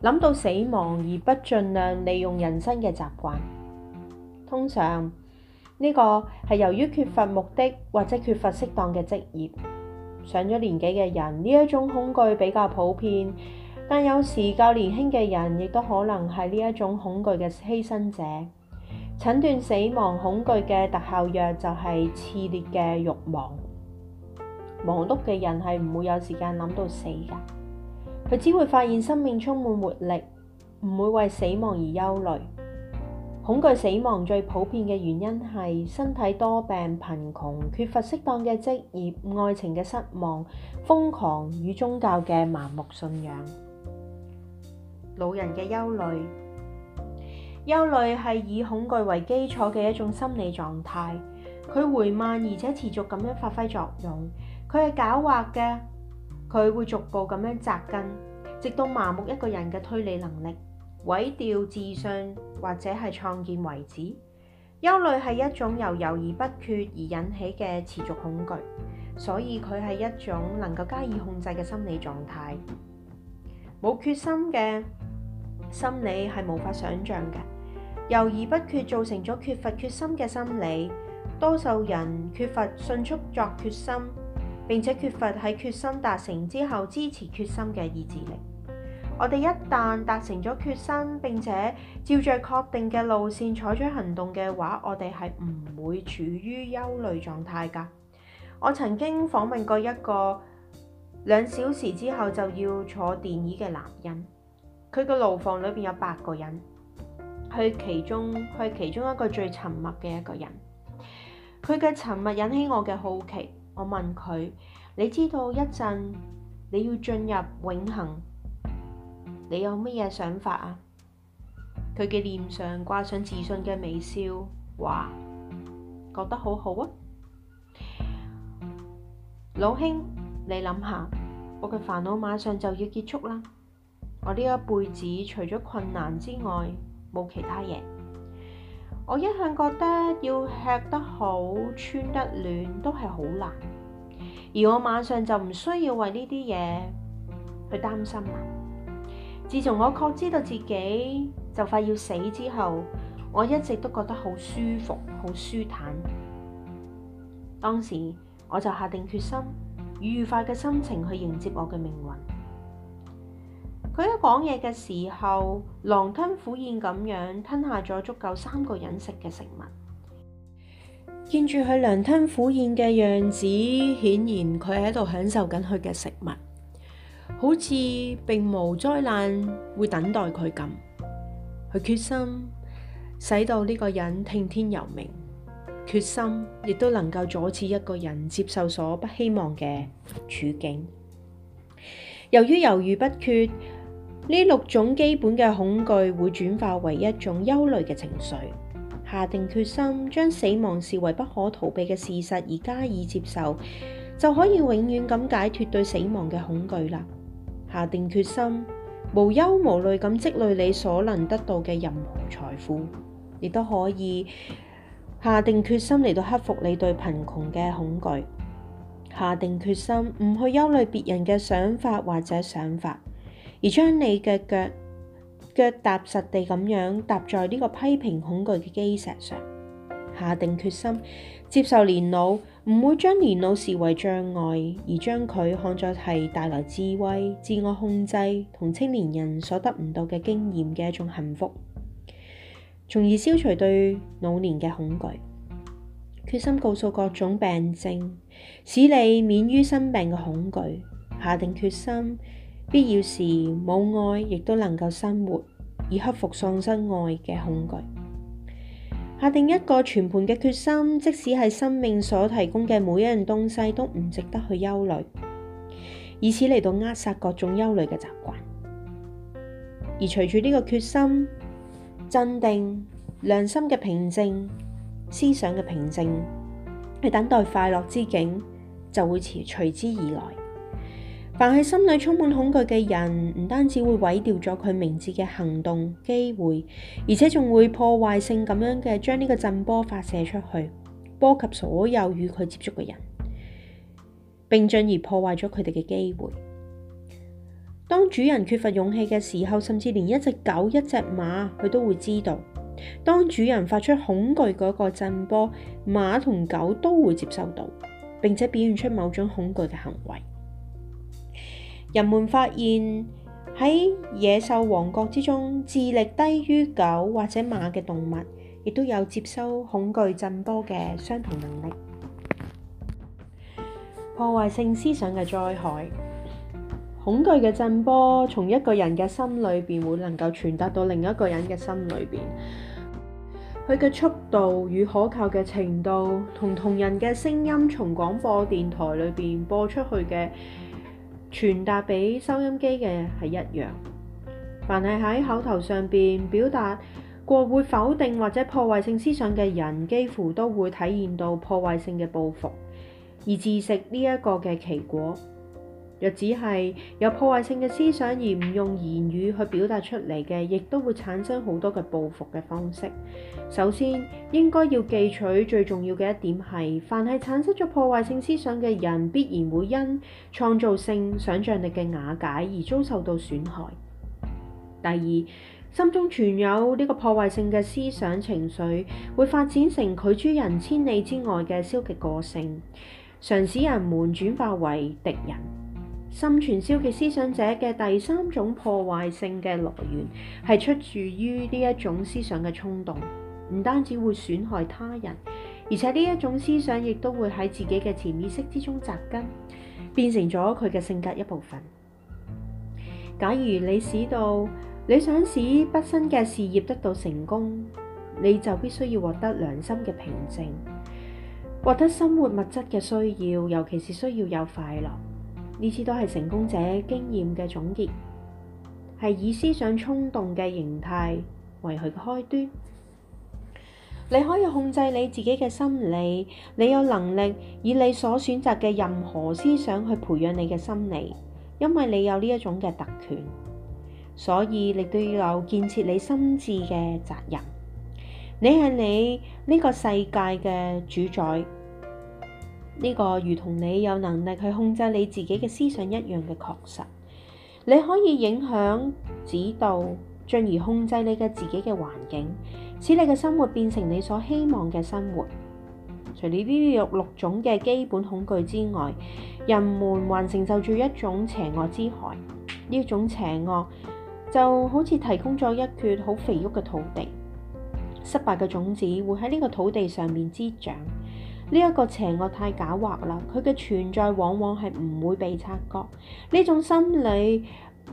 S1: 諗到死亡而不盡量利用人生嘅習慣，通常呢、這個係由於缺乏目的或者缺乏適當嘅職業。上咗年紀嘅人呢一種恐懼比較普遍，但有時較年輕嘅人亦都可能係呢一種恐懼嘅犧牲者。診斷死亡恐懼嘅特效藥就係熾烈嘅欲望。忙碌嘅人係唔會有時間諗到死噶。佢只會發現生命充滿活力，唔會為死亡而憂慮。恐懼死亡最普遍嘅原因係身體多病、貧窮、缺乏適當嘅職業、愛情嘅失望、瘋狂與宗教嘅盲目信仰。老人嘅憂慮，憂慮係以恐懼為基礎嘅一種心理狀態。佢緩慢而且持續咁樣發揮作用。佢係狡猾嘅。佢會逐步咁樣紮根，直到麻木一個人嘅推理能力、毀掉自信或者係創建為止。憂慮係一種由猶豫不決而引起嘅持續恐懼，所以佢係一種能夠加以控制嘅心理狀態。冇決心嘅心理係無法想像嘅。猶豫不決造成咗缺乏決心嘅心理，多數人缺乏迅速作決心。並且缺乏喺決心達成之後支持決心嘅意志力。我哋一旦達成咗決心，並且照着確定嘅路線採取行動嘅話，我哋係唔會處於憂慮狀態㗎。我曾經訪問過一個兩小時之後就要坐電椅嘅男人，佢嘅牢房裏邊有八個人，佢其中，佢其中一個最沉默嘅一個人，佢嘅沉默引起我嘅好奇。我問佢：你知道一陣你要進入永恆，你有乜嘢想法啊？佢嘅臉上掛上自信嘅微笑，話：覺得好好啊，老兄，你諗下，我嘅煩惱馬上就要結束啦，我呢一輩子除咗困難之外，冇其他嘢。我一向覺得要吃得好、穿得暖都係好難，而我晚上就唔需要為呢啲嘢去擔心啦。自從我確知道自己就快要死之後，我一直都覺得好舒服、好舒坦。當時我就下定決心，愉快嘅心情去迎接我嘅命運。佢喺講嘢嘅時候，狼吞虎咽咁樣吞下咗足夠三個人食嘅食物。見住佢狼吞虎咽嘅樣子，顯然佢喺度享受緊佢嘅食物，好似並無災難會等待佢咁。佢決心使到呢個人聽天由命，決心亦都能夠阻止一個人接受所不希望嘅處境，由於猶豫不決。呢六種基本嘅恐懼會轉化為一種憂慮嘅情緒。下定決心將死亡視為不可逃避嘅事實而加以接受，就可以永遠咁解脫對死亡嘅恐懼啦。下定決心，無憂無慮咁積累你所能得到嘅任何財富，亦都可以下定決心嚟到克服你對貧窮嘅恐懼。下定決心唔去憂慮別人嘅想法或者想法。而將你嘅腳腳踏實地咁樣踏在呢個批評恐懼嘅基石上，下定決心接受年老，唔會將年老視為障礙，而將佢看作係帶來智慧、自我控制同青年人所得唔到嘅經驗嘅一種幸福，從而消除對老年嘅恐懼。決心告訴各種病症，使你免於生病嘅恐懼。下定決心。必要時，冇愛亦都能夠生活，以克服喪失愛嘅恐懼。下定一個全盤嘅決心，即使係生命所提供嘅每一樣東西都唔值得去憂慮，以此嚟到扼殺各種憂慮嘅習慣。而隨住呢個決心，鎮定、良心嘅平靜、思想嘅平靜，去等待快樂之境就會隨隨之而來。凡係心裏充滿恐懼嘅人，唔單止會毀掉咗佢明智嘅行動機會，而且仲會破壞性咁樣嘅將呢個震波發射出去，波及所有與佢接觸嘅人，並進而破壞咗佢哋嘅機會。當主人缺乏勇氣嘅時候，甚至連一隻狗、一隻馬，佢都會知道。當主人發出恐懼嗰個震波，馬同狗都會接受到，並且表現出某種恐懼嘅行為。人們發現，喺野獸王國之中，智力低於狗或者馬嘅動物，亦都有接收恐懼震波嘅相同能力。破壞性思想嘅災害，恐懼嘅震波從一個人嘅心裏邊會能夠傳達到另一個人嘅心裏邊。佢嘅速度與可靠嘅程度，同同人嘅聲音從廣播電台裏邊播出去嘅，傳達俾收音機嘅係一樣，凡係喺口頭上邊表達過會否定或者破壞性思想嘅人，幾乎都會體現到破壞性嘅報復，而自食呢一個嘅奇果。若只係有破壞性嘅思想而唔用言語去表達出嚟嘅，亦都會產生好多嘅報復嘅方式。首先應該要記取最重要嘅一點係：凡係產生咗破壞性思想嘅人，必然會因創造性想像力嘅瓦解而遭受到損害。第二，心中存有呢個破壞性嘅思想情緒，會發展成拒諸人千里之外嘅消極個性，常使人們轉化為敵人。心存消極嘅思想者嘅第三種破壞性嘅來源係出自於呢一種思想嘅衝動，唔單止會損害他人，而且呢一種思想亦都會喺自己嘅潛意識之中紮根，變成咗佢嘅性格一部分。假如你使到你想使畢生嘅事業得到成功，你就必須要獲得良心嘅平靜，獲得生活物質嘅需要，尤其是需要有快樂。呢次都係成功者經驗嘅總結，係以思想衝動嘅形態為佢嘅開端。你可以控制你自己嘅心理，你有能力以你所選擇嘅任何思想去培養你嘅心理，因為你有呢一種嘅特權，所以你都要有建設你心智嘅責任。你係你呢個世界嘅主宰。呢個如同你有能力去控制你自己嘅思想一樣嘅確實，你可以影響、指導，進而控制你嘅自己嘅環境，使你嘅生活變成你所希望嘅生活。除咗呢六種嘅基本恐懼之外，人們還承受住一種邪惡之害。呢種邪惡就好似提供咗一闕好肥沃嘅土地，失敗嘅種子會喺呢個土地上面滋長。呢一個邪惡太狡猾啦，佢嘅存在往往係唔會被察覺，呢種心理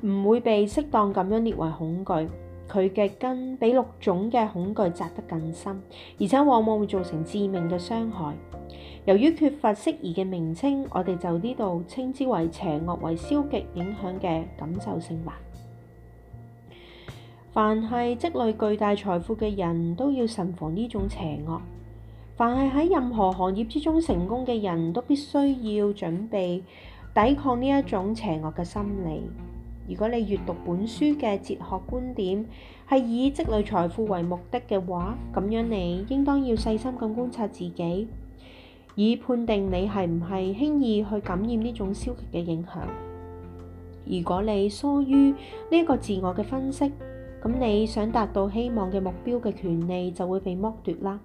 S1: 唔會被適當咁樣列為恐懼，佢嘅根比六種嘅恐懼扎得更深，而且往往會造成致命嘅傷害。由於缺乏適宜嘅名稱，我哋就呢度稱之為邪惡，為消極影響嘅感受性吧。凡係積累巨大財富嘅人都要慎防呢種邪惡。凡係喺任何行業之中成功嘅人都必須要準備抵抗呢一種邪惡嘅心理。如果你閱讀本書嘅哲學觀點係以積累財富為目的嘅話，咁樣你應當要細心咁觀察自己，以判定你係唔係輕易去感染呢種消極嘅影響。如果你疏於呢一個自我嘅分析，咁你想達到希望嘅目標嘅權利就會被剝奪啦。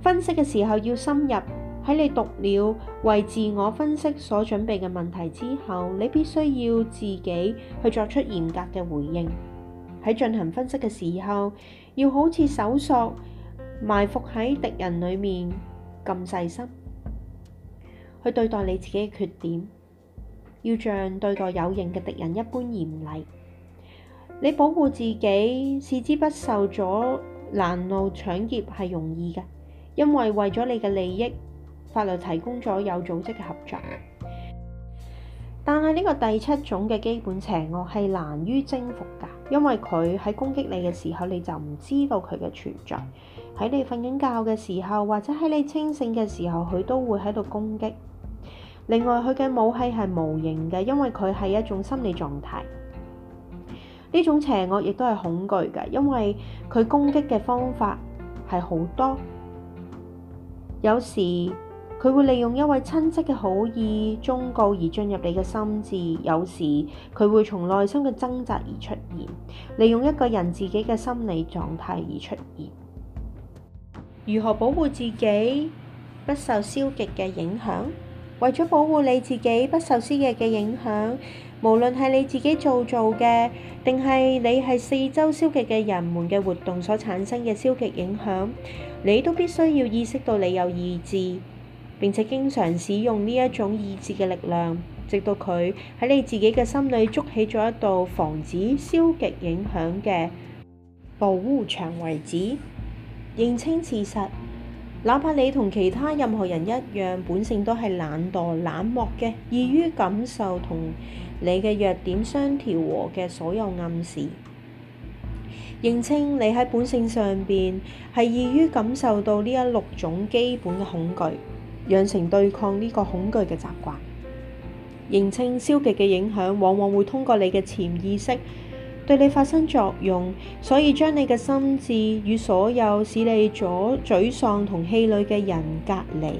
S1: 分析嘅時候要深入。喺你讀了為自我分析所準備嘅問題之後，你必須要自己去作出嚴格嘅回應。喺進行分析嘅時候，要好似搜索埋伏喺敵人裏面咁細心去對待你自己嘅缺點，要像對待有形嘅敵人一般嚴厲。你保護自己，視之不受阻攔路搶劫係容易嘅。因為為咗你嘅利益，法律提供咗有組織嘅合作。但係呢個第七種嘅基本邪惡係難於征服㗎，因為佢喺攻擊你嘅時候，你就唔知道佢嘅存在。喺你瞓緊覺嘅時候，或者喺你清醒嘅時候，佢都會喺度攻擊。另外，佢嘅武器係無形嘅，因為佢係一種心理狀態。呢種邪惡亦都係恐懼㗎，因為佢攻擊嘅方法係好多。有時，佢會利用一位親戚嘅好意忠告而進入你嘅心智；有時，佢會從內心嘅掙扎而出現，利用一個人自己嘅心理狀態而出現。如何保護自己不受消極嘅影響？為咗保護你自己不受消極嘅影響，無論係你自己做做嘅，定係你係四周消極嘅人們嘅活動所產生嘅消極影響。你都必須要意識到你有意志，並且經常使用呢一種意志嘅力量，直到佢喺你自己嘅心裏築起咗一道防止消極影響嘅保護牆為止。認清事實，哪怕你同其他任何人一樣，本性都係懶惰、冷漠嘅，易於感受同你嘅弱點相調和嘅所有暗示。認清你喺本性上邊係易於感受到呢一六種基本嘅恐懼，養成對抗呢個恐懼嘅習慣。認清消極嘅影響，往往會通過你嘅潛意識對你發生作用，所以將你嘅心智與所有使你咗沮喪同氣餒嘅人隔離，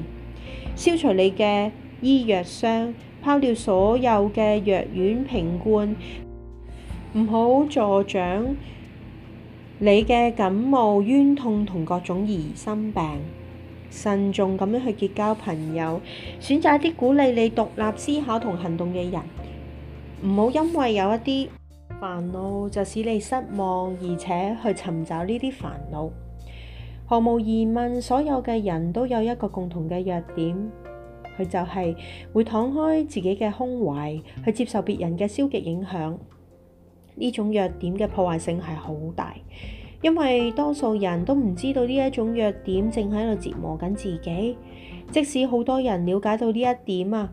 S1: 消除你嘅醫藥箱，拋掉所有嘅藥丸瓶罐，唔好助長。你嘅感冒、冤痛同各種疑心病，慎重咁樣去結交朋友，選擇一啲鼓勵你獨立思考同行動嘅人，唔好因為有一啲煩惱就使你失望，而且去尋找呢啲煩惱。毫無疑問，所有嘅人都有一個共同嘅弱點，佢就係會敞開自己嘅胸懷去接受別人嘅消極影響。呢種弱點嘅破壞性係好大，因為多數人都唔知道呢一種弱點正喺度折磨緊自己。即使好多人了解到呢一點啊，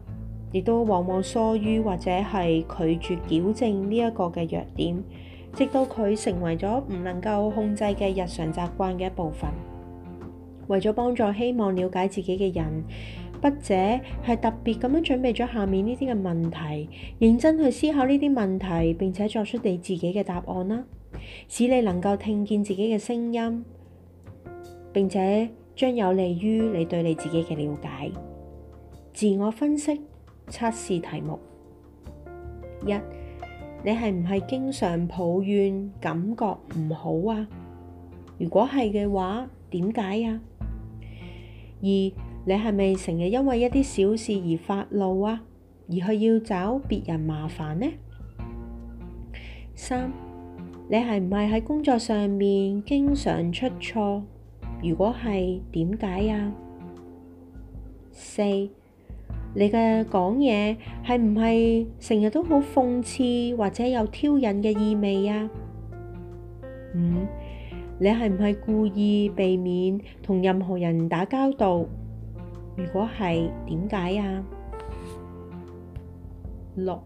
S1: 亦都往往疏於或者係拒絕矯正呢一個嘅弱點，直到佢成為咗唔能夠控制嘅日常習慣嘅一部分。為咗幫助希望了解自己嘅人，筆者係特別咁樣準備咗下面呢啲嘅問題，認真去思考呢啲問題，並且作出你自己嘅答案啦，使你能夠聽見自己嘅聲音，並且將有利於你對你自己嘅了解。自我分析測試題目：一，你係唔係經常抱怨感覺唔好啊？如果係嘅話，點解呀？二。你係咪成日因為一啲小事而發怒啊？而去要找別人麻煩呢？三，你係唔係喺工作上面經常出錯？如果係，點解啊？四，你嘅講嘢係唔係成日都好諷刺或者有挑釁嘅意味啊？五，你係唔係故意避免同任何人打交道？如果係，點解啊？六，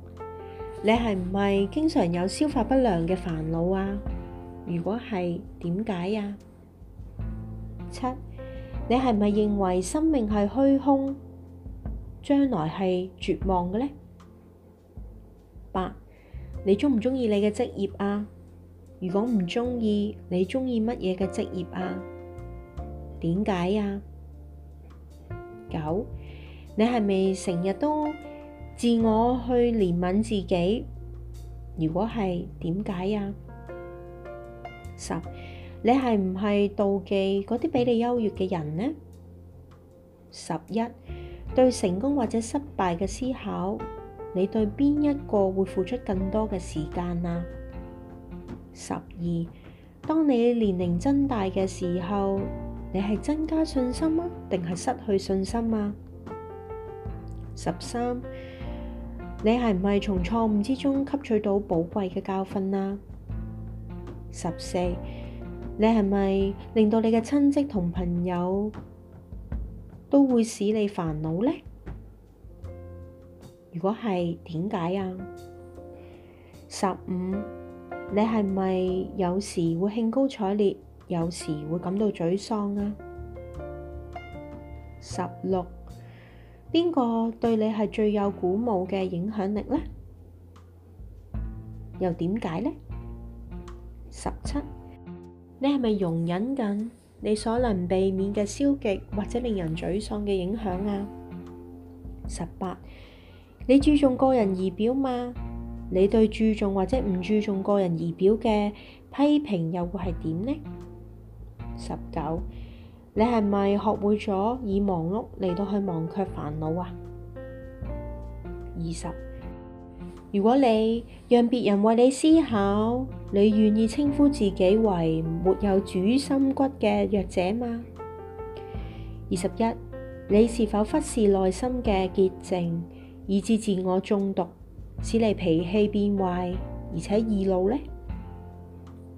S1: 你係唔係經常有消化不良嘅煩惱啊？如果係，點解啊？七，你係唔係認為生命係虛空，將來係絕望嘅呢？八，你中唔中意你嘅職業啊？如果唔中意，你中意乜嘢嘅職業啊？點解啊？九，你係咪成日都自我去憐憫自己？如果係，點解啊？十，你係唔係妒忌嗰啲比你優越嘅人呢？十一，對成功或者失敗嘅思考，你對邊一個會付出更多嘅時間啊？十二，當你年齡增大嘅時候。你係增加信心啊，定係失去信心啊？十三，你係唔係從錯誤之中吸取到寶貴嘅教訓啊？十四，你係咪令到你嘅親戚同朋友都會使你煩惱呢？如果係，點解啊？十五，你係咪有時會興高采烈？有時會感到沮喪啊。十六，邊個對你係最有鼓舞嘅影響力呢？又點解呢？十七，你係咪容忍緊你所能避免嘅消極或者令人沮喪嘅影響啊？十八，你注重個人儀表嘛？你對注重或者唔注重個人儀表嘅批評又會係點呢？十九，你係咪學會咗以忙碌嚟到去忘卻煩惱啊？二十，如果你讓別人為你思考，你願意稱呼自己為沒有主心骨嘅弱者嗎？二十一，你是否忽視內心嘅潔淨，以致自我中毒，使你脾氣變壞，而且易怒呢？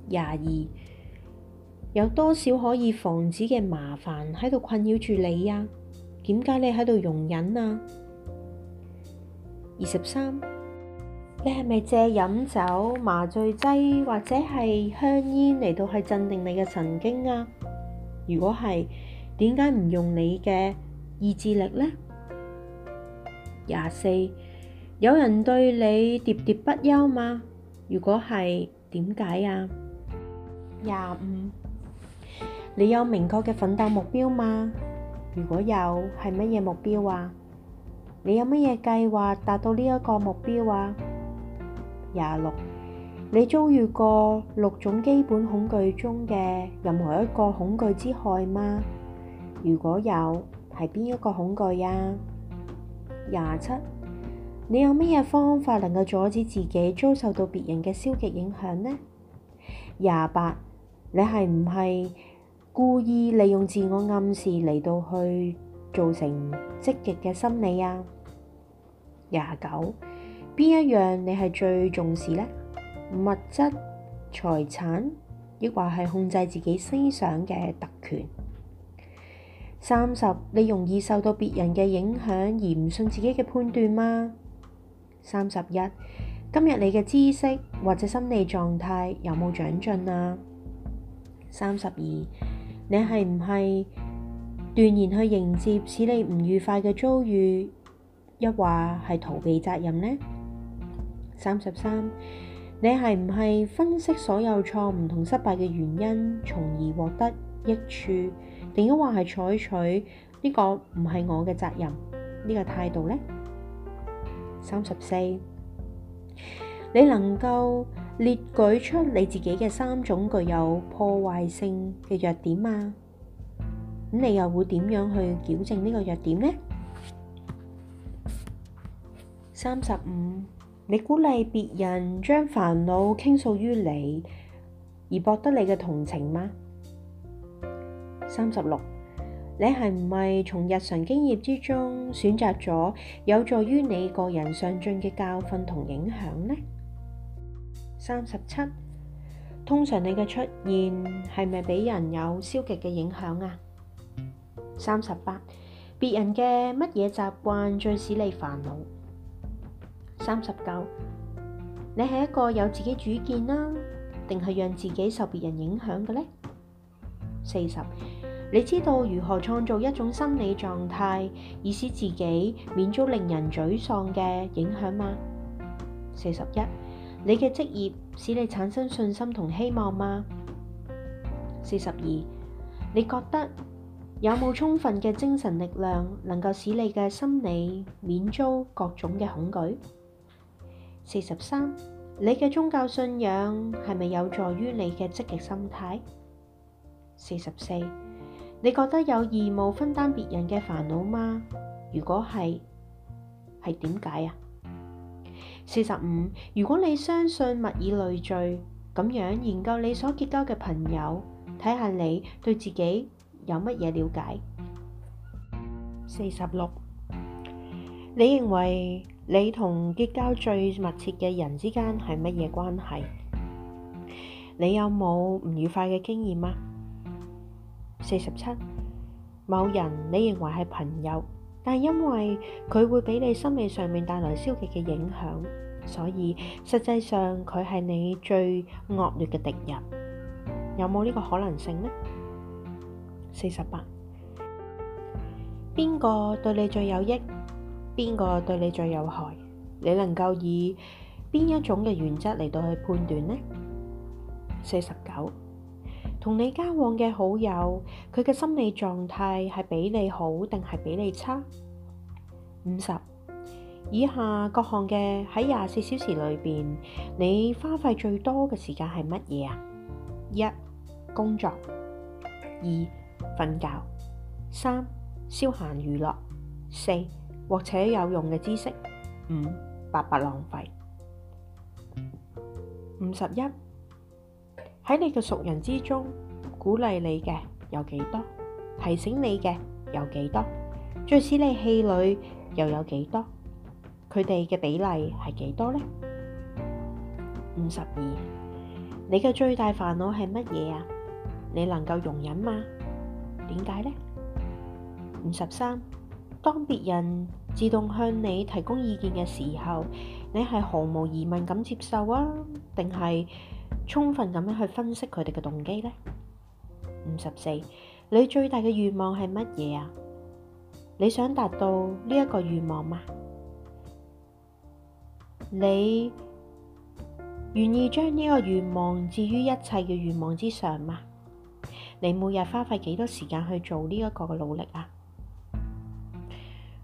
S1: 廿二，有多少可以防止嘅麻煩喺度困擾住你啊？點解你喺度容忍啊？二十三，你係咪借飲酒麻醉劑或者係香煙嚟到去鎮定你嘅神經啊？如果係，點解唔用你嘅意志力呢？廿四，有人對你喋喋不休嗎？如果係，點解啊？廿五。你有明確嘅奮鬥目標嗎？如果有，係乜嘢目標啊？你有乜嘢計劃達到呢一個目標啊？廿六，你遭遇過六種基本恐懼中嘅任何一個恐懼之害嗎？如果有，係邊一個恐懼啊？廿七，你有乜嘢方法能夠阻止自己遭受到別人嘅消極影響呢？廿八，你係唔係？故意利用自我暗示嚟到去造成積極嘅心理啊。廿九，邊一樣你係最重視呢？物質財產，抑或係控制自己思想嘅特權。三十，你容易受到別人嘅影響而唔信自己嘅判斷嗎？三十一，今日你嘅知識或者心理狀態有冇長進啊？三十二。你係唔係斷言去迎接使你唔愉快嘅遭遇，一話係逃避責任呢？三十三，你係唔係分析所有錯誤同失敗嘅原因，從而獲得益處，定一話係採取呢個唔係我嘅責任呢個態度呢？三十四，你能夠。列舉出你自己嘅三種具有破壞性嘅弱點啊。咁你又會點樣去矯正呢個弱點呢？三十五，你鼓勵別人將煩惱傾訴於你，而博得你嘅同情嗎？三十六，你係唔係從日常經驗之中選擇咗有助於你個人上進嘅教訓同影響呢？三十七，通常你嘅出現係咪俾人有消極嘅影響啊？三十八，別人嘅乜嘢習慣最使你煩惱？三十九，你係一個有自己主見啦，定係讓自己受別人影響嘅呢？四十，你知道如何創造一種心理狀態，以使自己免遭令人沮喪嘅影響嗎？四十一。你嘅職業使你產生信心同希望嗎？四十二，你覺得有冇充分嘅精神力量能夠使你嘅心理免遭各種嘅恐懼？四十三，你嘅宗教信仰係咪有助於你嘅積極心態？四十四，你覺得有義務分擔別人嘅煩惱嗎？如果係，係點解啊？四十五，45，如果你相信物以類聚，咁樣研究你所結交嘅朋友，睇下你對自己有乜嘢了解。四十六，你認為你同結交最密切嘅人之間係乜嘢關係？你有冇唔愉快嘅經驗啊？四十七，某人你認為係朋友？但係因為佢會俾你心理上面帶來消極嘅影響，所以實際上佢係你最惡劣嘅敵人。有冇呢個可能性呢？四十八，邊個對你最有益？邊個對你最有害？你能夠以邊一種嘅原則嚟到去判斷呢？四十九。同你交往嘅好友，佢嘅心理狀態係比你好定係比你差？五十以下各項嘅喺廿四小時裏邊，你花費最多嘅時間係乜嘢啊？一工作，二瞓覺，三消閒娛樂，四或者有用嘅知識，五白白浪費。五十一。喺你嘅熟人之中，鼓勵你嘅有幾多？提醒你嘅有幾多？最使你氣餒，又有幾多？佢哋嘅比例係幾多呢？五十二，你嘅最大煩惱係乜嘢啊？你能夠容忍嗎？點解呢？五十三，當別人自動向你提供意見嘅時候，你係毫無疑問咁接受啊？定係？充分咁樣去分析佢哋嘅動機呢。五十四，你最大嘅願望係乜嘢啊？你想達到呢一個願望嗎？你願意將呢個願望置於一切嘅願望之上嗎？你每日花費幾多時間去做呢一個嘅努力啊？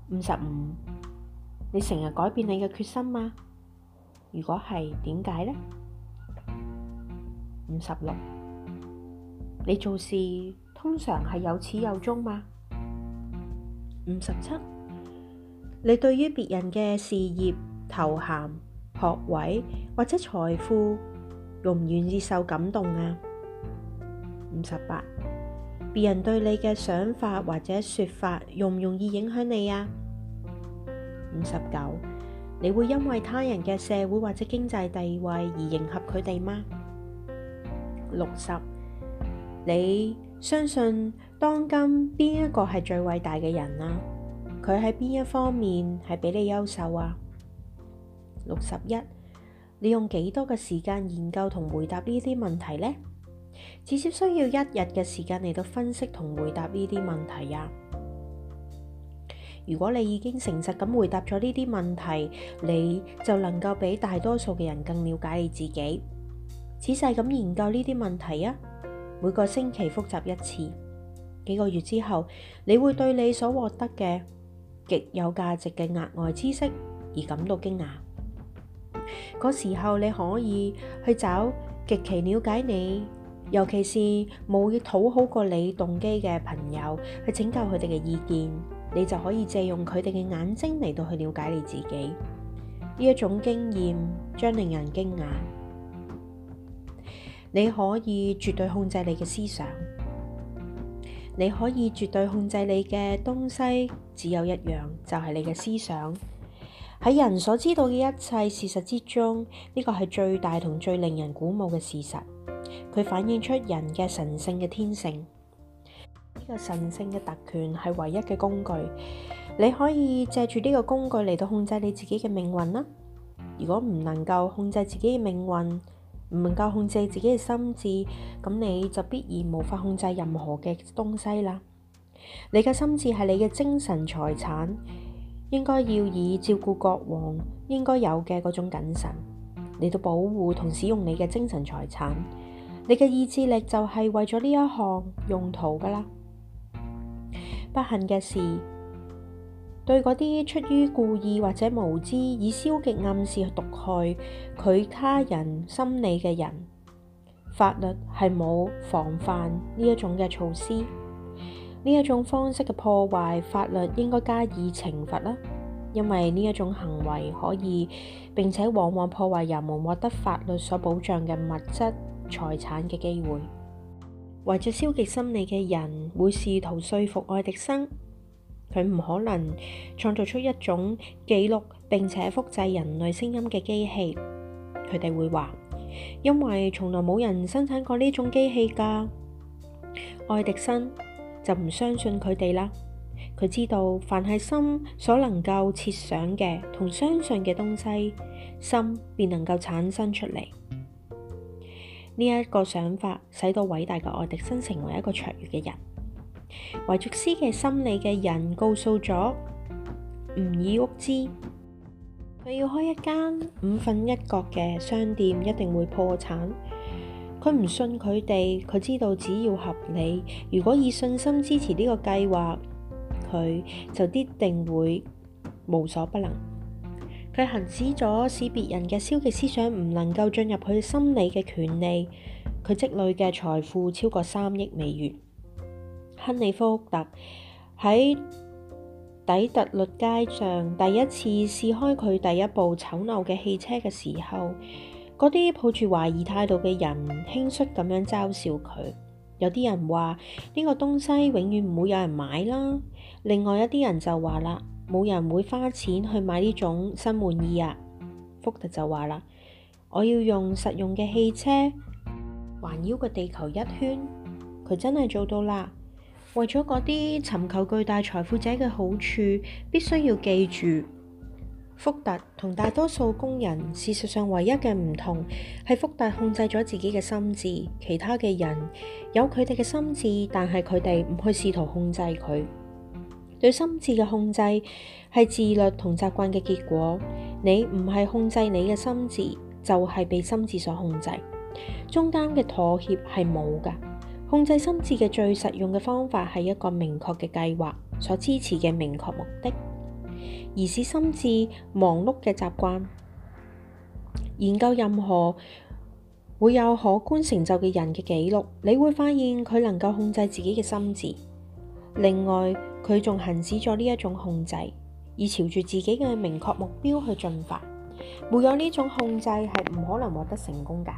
S1: 五十五，你成日改變你嘅決心嗎？如果係，點解呢？五十六，你做事通常係有始有終嘛？五十七，你對於別人嘅事業、頭銜、學位或者財富，容唔願意受感動啊？五十八，別人對你嘅想法或者說法，容唔容易影響你啊？五十九，你會因為他人嘅社會或者經濟地位而迎合佢哋嗎？六十，60, 你相信當今邊一個係最偉大嘅人啊？佢喺邊一方面係比你優秀啊？六十一，你用幾多嘅時間研究同回答呢啲問題呢？至少需要一日嘅時間嚟到分析同回答呢啲問題啊！如果你已經誠實咁回答咗呢啲問題，你就能夠比大多數嘅人更了解你自己。仔細咁研究呢啲問題啊！每個星期複習一次，幾個月之後，你會對你所獲得嘅極有價值嘅額外知識而感到驚訝。嗰時候你可以去找極其了解你，尤其是冇要討好過你動機嘅朋友去請教佢哋嘅意見，你就可以借用佢哋嘅眼睛嚟到去了解你自己。呢一種經驗將令人驚訝。你可以絕對控制你嘅思想，你可以絕對控制你嘅東西，只有一樣就係你嘅思想。喺人所知道嘅一切事實之中，呢個係最大同最令人鼓舞嘅事實。佢反映出人嘅神聖嘅天性。呢個神聖嘅特權係唯一嘅工具。你可以借住呢個工具嚟到控制你自己嘅命運啦。如果唔能夠控制自己嘅命運，唔能夠控制自己嘅心智，咁你就必然無法控制任何嘅東西啦。你嘅心智係你嘅精神財產，應該要以照顧國王應該有嘅嗰種謹慎嚟到保護同使用你嘅精神財產。你嘅意志力就係為咗呢一項用途㗎喇。不幸嘅事。對嗰啲出於故意或者無知以消極暗示毒害佢他，他人心理嘅人，法律係冇防範呢一種嘅措施。呢一種方式嘅破壞，法律應該加以懲罰啦，因為呢一種行為可以並且往往破壞人們獲得法律所保障嘅物質財產嘅機會。懷着消極心理嘅人會試圖説服愛迪生。佢唔可能創造出一種記錄並且複製人類聲音嘅機器，佢哋會話，因為從來冇人生產過呢種機器㗎。愛迪生就唔相信佢哋啦。佢知道，凡係心所能夠設想嘅同相信嘅東西，心便能夠產生出嚟。呢一個想法使到偉大嘅愛迪生成為一個卓越嘅人。維族斯嘅心理嘅人告訴咗吳以屋之，佢要開一間五分一角嘅商店，一定會破產。佢唔信佢哋，佢知道只要合理，如果以信心支持呢個計劃，佢就必定會無所不能。佢行使咗使別人嘅消極思想唔能夠進入佢心理嘅權利。佢積累嘅財富超過三億美元。亨利·福特喺底特律街上第一次試開佢第一部醜陋嘅汽車嘅時候，嗰啲抱住懷疑態度嘅人輕率咁樣嘲笑佢。有啲人話，呢個東西永遠唔會有人買啦。另外一啲人就話啦，冇人會花錢去買呢種新玩意啊。福特就話啦，我要用實用嘅汽車環繞個地球一圈。佢真係做到啦！為咗嗰啲尋求巨大財富者嘅好處，必須要記住，福特同大多數工人事實上唯一嘅唔同係福特控制咗自己嘅心智，其他嘅人有佢哋嘅心智，但係佢哋唔去試圖控制佢。對心智嘅控制係自律同習慣嘅結果。你唔係控制你嘅心智，就係被心智所控制。中間嘅妥協係冇㗎。控制心智嘅最實用嘅方法係一個明確嘅計劃所支持嘅明確目的，而使心智忙碌嘅習慣。研究任何會有可觀成就嘅人嘅記錄，你會發現佢能夠控制自己嘅心智。另外，佢仲行使咗呢一種控制，而朝住自己嘅明確目標去進發。沒有呢種控制係唔可能獲得成功噶。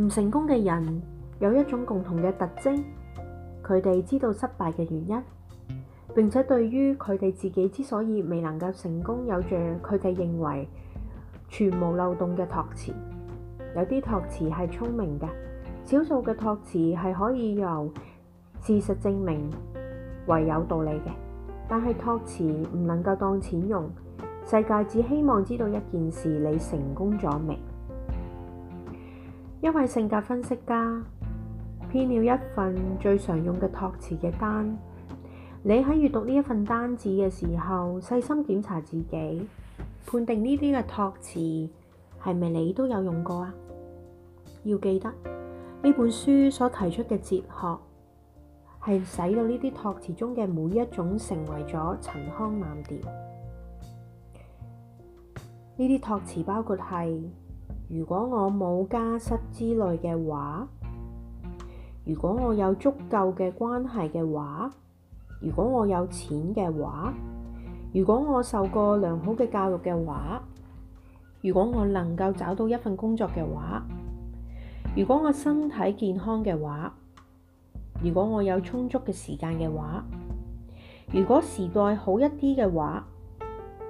S1: 唔成功嘅人。有一種共同嘅特徵，佢哋知道失敗嘅原因，並且對於佢哋自己之所以未能夠成功，有着佢哋認為全無漏洞嘅托詞。有啲託詞係聰明嘅，少數嘅托詞係可以由事實證明為有道理嘅。但係托詞唔能夠當錢用，世界只希望知道一件事：你成功咗未？一位性格分析家。編了一份最常用嘅托詞嘅單。你喺閱讀呢一份單子嘅時候，細心檢查自己，判定呢啲嘅托詞係咪你都有用過啊？要記得呢本書所提出嘅哲學，係使到呢啲託詞中嘅每一種成為咗陳腔濫調。呢啲託詞包括係如果我冇家室之類嘅話。如果我有足夠嘅關係嘅話，如果我有錢嘅話，如果我受過良好嘅教育嘅話，如果我能夠找到一份工作嘅話，如果我身體健康嘅話，如果我有充足嘅時間嘅話，如果時代好一啲嘅話，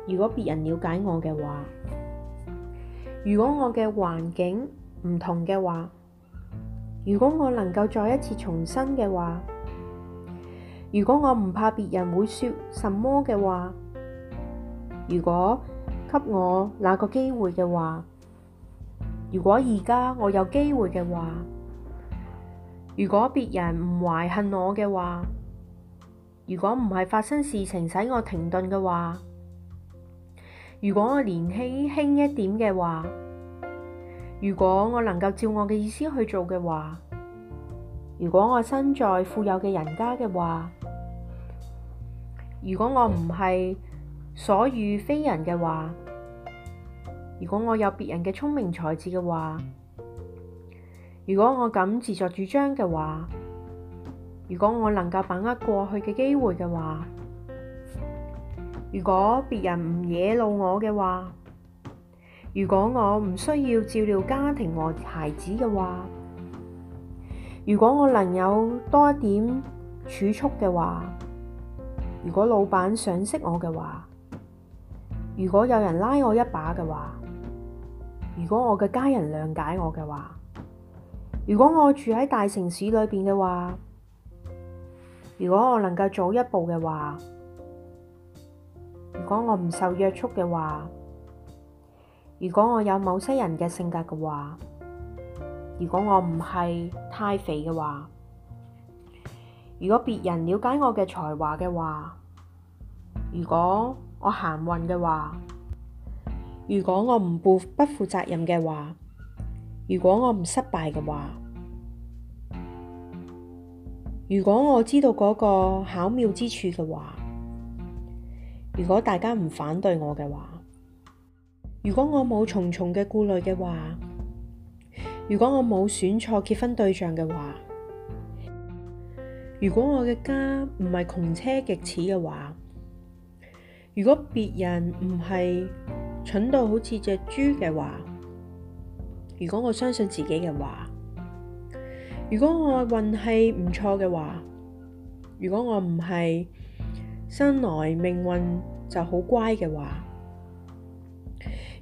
S1: 如果別人了解我嘅話，如果我嘅環境唔同嘅話，如果我能夠再一次重生嘅話，如果我唔怕別人會說什麼嘅話，如果給我那個機會嘅話，如果而家我有機會嘅話，如果別人唔懷恨我嘅話，如果唔係發生事情使我停頓嘅話，如果我年輕輕一點嘅話，如果我能夠照我嘅意思去做嘅話，如果我身在富有嘅人家嘅話，如果我唔係所遇非人嘅話，如果我有別人嘅聰明才智嘅話，如果我敢自作主張嘅話，如果我能夠把握過去嘅機會嘅話，如果別人唔惹怒我嘅話，如果我唔需要照料家庭和孩子嘅話，如果我能有多一點儲蓄嘅話，如果老闆想識我嘅話，如果有人拉我一把嘅話，如果我嘅家人諒解我嘅話，如果我住喺大城市裏邊嘅話，如果我能夠早一步嘅話，如果我唔受約束嘅話。如果我有某些人嘅性格嘅話，如果我唔係太肥嘅話，如果別人了解我嘅才華嘅話，如果我行運嘅話，如果我唔負不負責任嘅話，如果我唔失敗嘅話，如果我知道嗰個巧妙之處嘅話，如果大家唔反對我嘅話。如果我冇重重嘅顧慮嘅話，如果我冇選錯結婚對象嘅話，如果我嘅家唔係窮奢極侈嘅話，如果別人唔係蠢到好似隻豬嘅話，如果我相信自己嘅話，如果我嘅運氣唔錯嘅話，如果我唔係生來命運就好乖嘅話，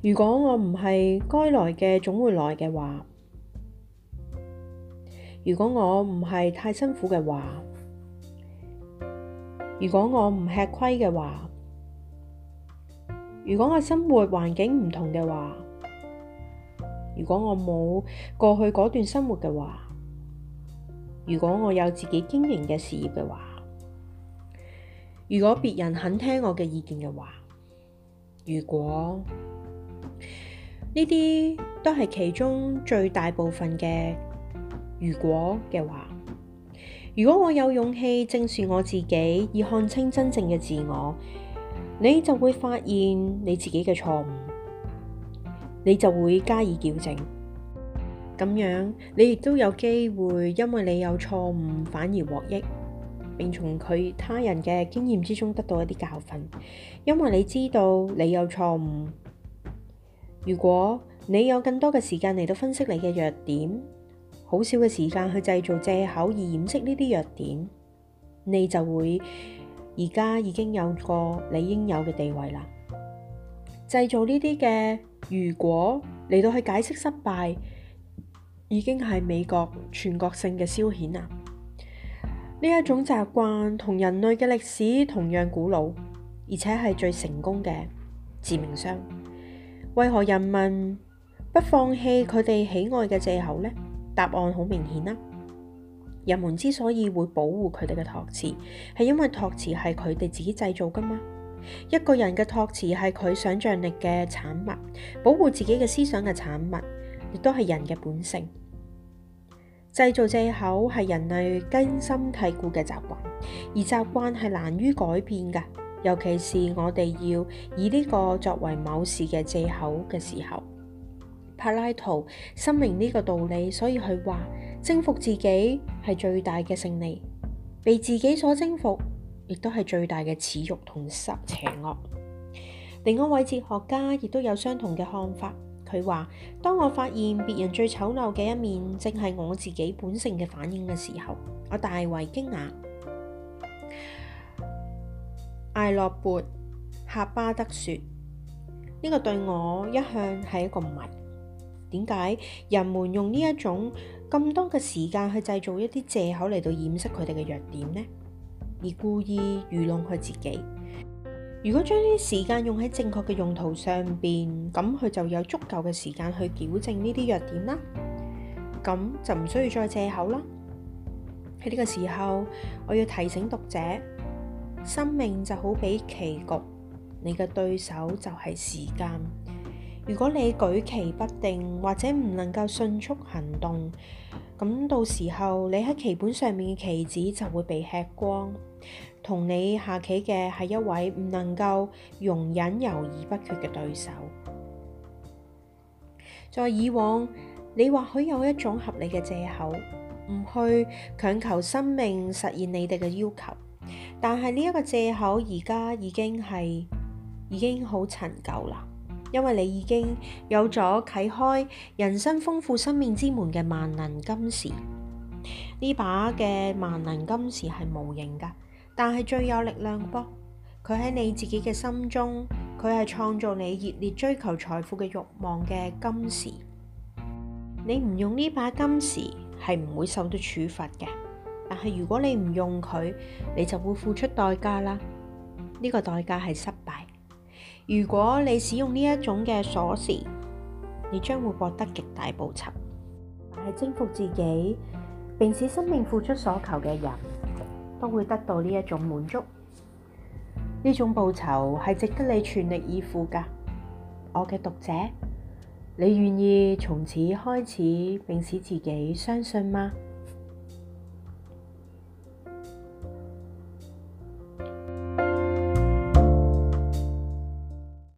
S1: 如果我唔係該來嘅，總會來嘅話；如果我唔係太辛苦嘅話；如果我唔吃虧嘅話；如果我生活環境唔同嘅話；如果我冇過去嗰段生活嘅話；如果我有自己經營嘅事業嘅話；如果別人肯聽我嘅意見嘅話；如果……呢啲都係其中最大部分嘅如果嘅話，如果我有勇氣正視我自己以看清真正嘅自我，你就會發現你自己嘅錯誤，你就會加以矯正。咁樣你亦都有機會，因為你有錯誤反而獲益，並從佢他人嘅經驗之中得到一啲教訓，因為你知道你有錯誤。如果你有更多嘅時間嚟到分析你嘅弱點，好少嘅時間去製造借口而掩飾呢啲弱點，你就會而家已經有個你應有嘅地位啦。製造呢啲嘅，如果嚟到去解釋失敗，已經係美國全國性嘅消遣啦。呢一種習慣同人類嘅歷史同樣古老，而且係最成功嘅致命傷。為何人民不放棄佢哋喜愛嘅借口呢？答案好明顯啦。人們之所以會保護佢哋嘅托詞，係因為托詞係佢哋自己製造噶嘛。一個人嘅托詞係佢想象力嘅產物，保護自己嘅思想嘅產物，亦都係人嘅本性。製造借口係人類根深蒂固嘅習慣，而習慣係難於改變噶。尤其是我哋要以呢個作為某事嘅借口嘅時候，柏拉圖深明呢個道理，所以佢話征服自己係最大嘅勝利，被自己所征服亦都係最大嘅恥辱同失邪惡。另一位哲學家亦都有相同嘅看法，佢話當我發現別人最醜陋嘅一面，正係我自己本性嘅反應嘅時候，我大為驚訝。艾洛勃·哈巴德說：呢、這個對我一向係一個謎，點解人們用呢一種咁多嘅時間去製造一啲借口嚟到掩飾佢哋嘅弱點呢？而故意愚弄佢自己。如果將呢啲時間用喺正確嘅用途上邊，咁佢就有足夠嘅時間去矯正呢啲弱點啦，咁就唔需要再借口啦。喺呢個時候，我要提醒讀者。生命就好比棋局，你嘅對手就係時間。如果你舉棋不定或者唔能夠迅速行動，咁到時候你喺棋盤上面嘅棋子就會被吃光。同你下棋嘅係一位唔能夠容忍猶豫不決嘅對手。在以往，你或許有一種合理嘅借口，唔去強求生命實現你哋嘅要求。但係呢一個借口而家已經係已經好陳舊啦，因為你已經有咗啟開人生豐富生命之門嘅萬能金匙。呢把嘅萬能金匙係無形噶，但係最有力量噃。佢喺你自己嘅心中，佢係創造你熱烈追求財富嘅慾望嘅金匙。你唔用呢把金匙係唔會受到處罰嘅。但係如果你唔用佢，你就會付出代價啦。呢個代價係失敗。如果你使用呢一種嘅鎖匙，你將會獲得極大報酬。但係征服自己，並使生命付出所求嘅人都會得到呢一種滿足。呢種報酬係值得你全力以赴噶。我嘅讀者，你願意從此開始，並使自己相信嗎？